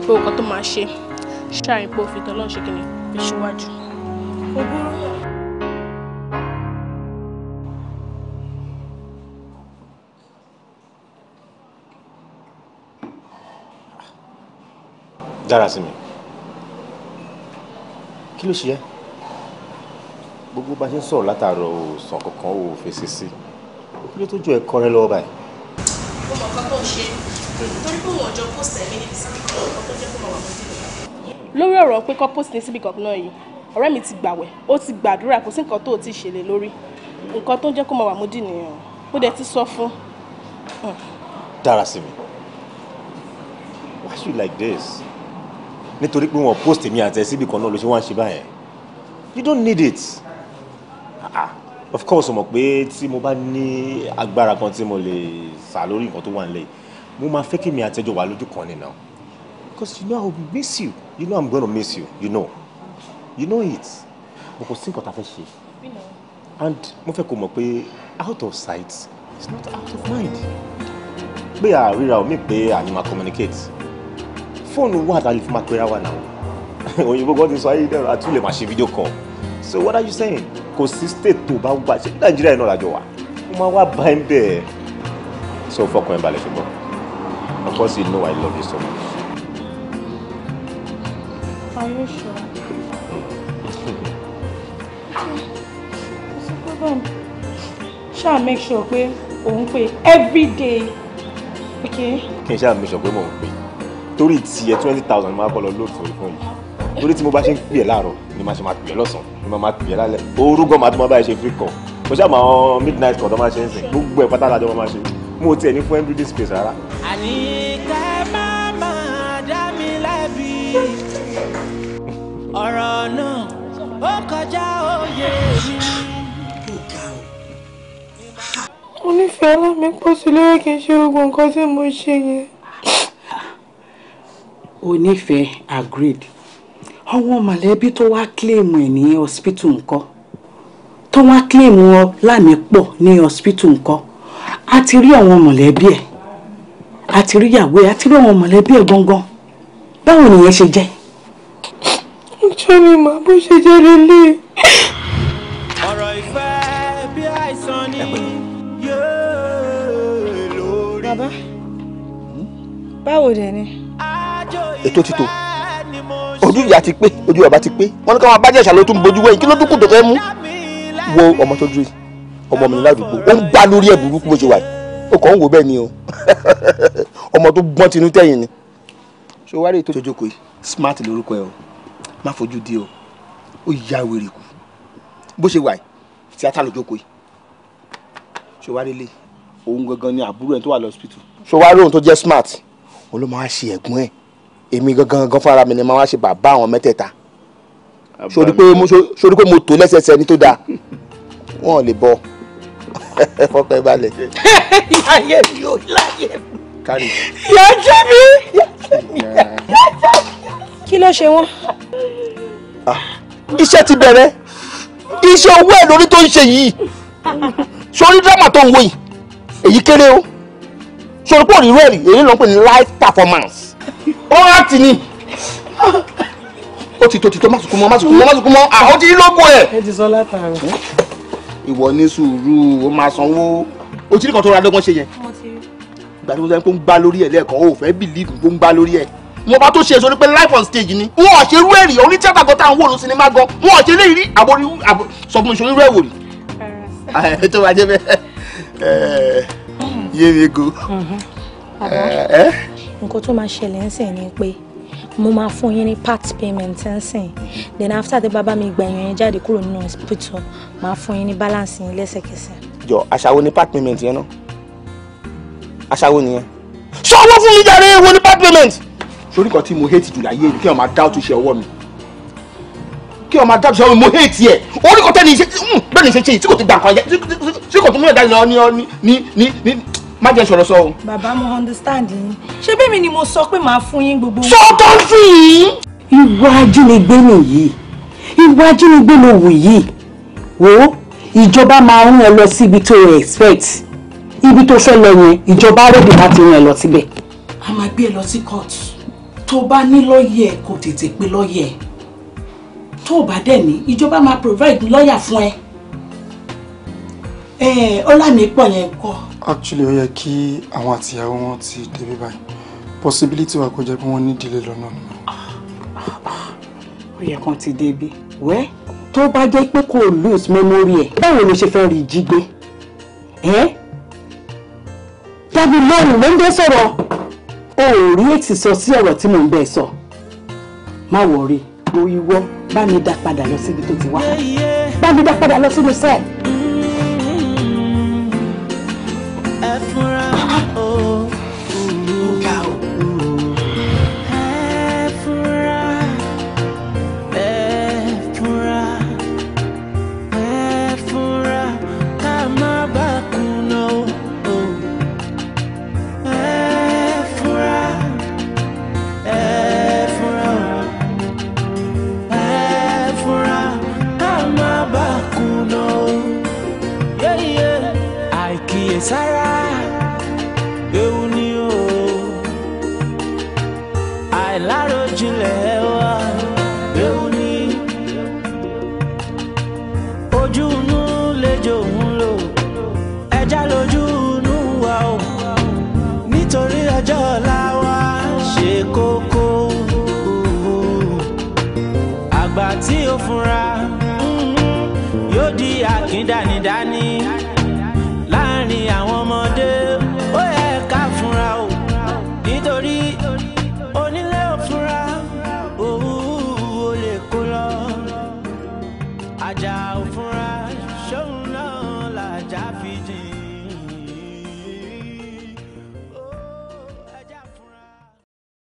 S6: pé nǹkan tó máa ṣe ṣáà ipò òfin tọ́lọ́ ṣe kìnnì fi ṣíwájú. ó burú.
S2: dára sí mi kí ló ṣe ẹ́ gbogbo bá ṣe ń sọ̀rọ̀ látàárọ̀ ò sàn kankan ò fèsì sí kí ló tó jọ ẹ̀kọ́ rẹ lọ́wọ́ báyìí
S6: ó mọ nǹkan tó ń ṣe torí pé òun ọjọ́ post ẹ̀mí níbi síbí kan nǹkan tó jẹ́ kó máa wà lójú rẹ̀. lórí ọ̀rọ̀ pé kọ́ post ní síbí kan náà yìí ọ̀rẹ́ mi ti gbàwẹ̀ ó ti gbàdúrà kò sí nǹkan tó ti ṣẹlẹ̀ lórí nǹkan tó ń jẹ́ kó máa wà módì nìyẹn ó dẹ̀ ti sọ fún.
S2: dára sí mi why you like this nítorí pé wọn post mi àti ẹ síbí kan náà ló ṣe wá ń ṣe báyẹn you don't need it of course mo pé tí mo bá ní agbára kan tí mo lè sà lórí nǹkan tó wà nílẹ̀ mo máa fẹ́ kí mi àtẹ́jọ́ wà lójú kan nìyẹn because you know I will miss you you know I'm going to miss you you know you know it mo kò sí nǹkan tá a fẹ́ and mo fẹ́ kó mọ̀ pé out of sight is
S1: not out of mind
S2: pé àríra omi pé àní máa communicate fóònù wà tá a lè fi máa pera wa náà òyìnbó gbọ́dọ̀ sọ ayédèrú àti ó lè máa ṣe fídíò call so what are you saying kò sí state bá wà ṣé nàìjíríà iná làjọ wà ó máa wá bá ń bẹ̀ ẹ́ so fọkàn ẹ̀ balẹ̀ ṣùgbọ́n of course you know I love you so much.
S4: Are you sure? What's
S6: the problem? Ṣáà make sure pé òun pè every day. Okay?
S2: Kí n ṣáà make sure pé mò ń pè. Torí tiẹ̀ twenty thousand máa kọ́ lọ lóòótọ́ ìfún yìí. Torí tí mo bá ṣe ń pè ẹ́ láàárọ̀ ni màá ṣe máa pè ẹ́ lọ́sàn-án mo máa tìyẹ́ lálẹ́ orúkọ màá tó máa báyìí ṣe free call mo ṣáà máa midnight call tó máa ṣe ń sìn gbogbo ẹ̀ pátá lájọ́ máa ṣe mo tiẹ̀ ní fún mbb space rárá.
S1: àní má máa dá mi lẹ́bi ọ̀rọ̀ náà ó kọjá òye mi.
S6: mo nífẹ̀ẹ́ alámi pọ̀ sí lórí kì í ṣe oògùn nǹkan tí mo ṣe yẹn.
S8: onífẹ̀ẹ́ agreed
S6: àwọn mọ̀lẹ́bí tó wá kílèmù ẹ̀ ní hospital ńkọ́ tó wá kílèmù ọ lámì pọ̀ ní hospital ńkọ́ a ti rí àwọn mọ̀lẹ́bí ẹ̀ a ti rí ìyàwó ẹ̀ a ti rí àwọn mọ̀lẹ́bí ẹ̀ gangan báwo nìyẹn ṣe jẹ́.
S1: ìjọ mi mà bó ṣe jẹ́ lélẹ̀. ọ̀rọ̀ ìfẹ́ bí àìsàn ni yóò lórí. bàbá báwo dẹ̀ ni.
S7: ètò ti ojú ìyá ti pé ojú bàbá ti pé wọn ní káwọn abájẹ́ ìṣàlọ́ tó ń bojú wẹ̀yìn kí ló dúkùn tó fẹ́ mú wo ọmọ tó dúró yìí ọmọ mi ládùúgbò ó ń bá lórí ẹ̀ burúkú bó ṣe wà yìí ó kàn ń wò bẹ́ẹ̀ ni o ọmọ tó gbọ́n tinú tẹ̀yìn ni ṣé o wá rí ètò yìí smart lórúkọ ẹ o má fojú di o ó ya wèrè kù bó ṣe wà yìí tíátà ló jókòó yìí ṣé o wá rí ilé òun gangan ni àbúrò ẹ̀ tó wà lọ́sibítù ṣé o wá rí òun tó jẹ́ smart òun ló máa ẹ̀gbọ́n ẹ̀ èmi gangan gan fara mi ni màá wá ṣe bàbá àwọn mẹ́tẹ̀ẹ̀ta sori pé sori pé mo tó lẹ́sẹsẹ ní tó dáa wọn ò lè bọ ẹ fọkàn ẹ balẹ̀.
S1: láyé mi ò láyé
S7: mi
S6: yà á jẹ́ mi yà á jẹ́ mi. kí ló ṣe wọ́n.
S7: Ah, iṣẹ́ ti bẹ̀rẹ̀ iṣẹ́ owó ẹ̀ lórí tó ń ṣe yìí sórí dírámà tó ń wò yìí èyí kéré o sórí pé òrìrò ẹ̀rí èyí ló ń pè ní live performance ọ́ọ̀tì ni ó ti tó ti tó má sunkún mọ́ má sunkún mọ́ má sunkún mọ́ àwọn ti lóko ẹ̀.
S1: ẹ ti sọ látara. Hm?
S7: ìwọ ní sùúrù ó máa sanwó o ti rí kan tó ra dọ́gbọ́n ṣe yẹn. ìgbà tí mo sọ pé ó ń gbá lórí ẹ̀ lẹ́ẹ̀kan ó fẹ́ bìlíìfù ó ń gbá lórí ẹ̀ mo bá tó ṣe èso ni pé life on stage ni wọn ò ṣe irú ẹ̀rì oní tíátà gan táwọn wòlò sinimá gan wọn ò ṣe lè rí àbórí sọfún ìṣòro irú ẹ̀ wò rí. tó bá jẹ́ bẹ́ẹ̀ mm-hmm. yé mi go. Mm-hmm.
S6: Eh, nǹkan tó máa ṣẹlẹ̀ ńsìn ni pé mo máa fún yín ní part payment ńsìn then after tí bàbá mi gbà yẹn jáde kúrò nínú hospital máa fún yín ní balance yín lẹ́sẹ̀kẹsẹ̀.
S7: jọ aṣàwo ni part payment yẹn náà aṣàwo nìyẹn ṣé ọwọ́ fún mi jàre ewo ni part payment. sórí nǹkan tí mo hate jù láyé ni kí wọn máa dá òtúnṣe ọwọ́ mi kí wọn máa dá òtúnṣe ọwọ́ mi mo hate yẹ orí kò tẹ́ ni ṣe hmm, bẹ́ẹ̀ ni ṣe ṣe yìí tí kò ti gbà nǹkan yẹn tí kò tún múlẹ̀ dání ní ní ní ní má jẹ́ sọ̀rọ̀ sọ o.
S6: bàbá mo understand yín ṣé bẹ́ẹ̀ mi ni mo sọ pé màá fún yín gbogbo. sọ́tọ̀ sí
S7: i. ìwà
S3: ajínigbé nìyí ìwà ajínigbé ló wù yìí wò ó ìjọba máa ń rán ẹ lọ sí ibi tó rẹ expect ibi tó fẹ́ lọ yẹn ìjọba rẹ̀dì láti rán ẹ lọ síbẹ̀. a máa gbé ẹ lọ sí court tó bá ní lọ́ọ̀yẹ̀ kò tètè pé
S8: lọ́ọ̀yẹ̀ tó o bá
S6: dẹ̀ ní ìjọba máa provide lọ́ọ̀yà fún ẹ. Eh, Ọlámipọ̀ yẹn kọ́.
S8: actually ó yẹ kí àwọn àtìyàwó wọn ti débi báyìí possibility wà kó jẹ́ pé wọ́n ní ìdílé lọ́nà ni. ó yẹ kán ti débi wẹ́ tó bá jẹ́ pé kò lose memory ẹ̀ báwo ló ṣe fẹ́ rí jí gbé tàbí lóhùn ló ń dé sọ̀rọ̀ o ò rí èsì sọ sí ọ̀rọ̀ tí mò ń bẹ́ẹ̀ sọ má wọrí
S7: mo ìwọ bá mi dá padà lọ síbi tó ti wá bá mi dá padà lọ sínú sẹ́ẹ̀.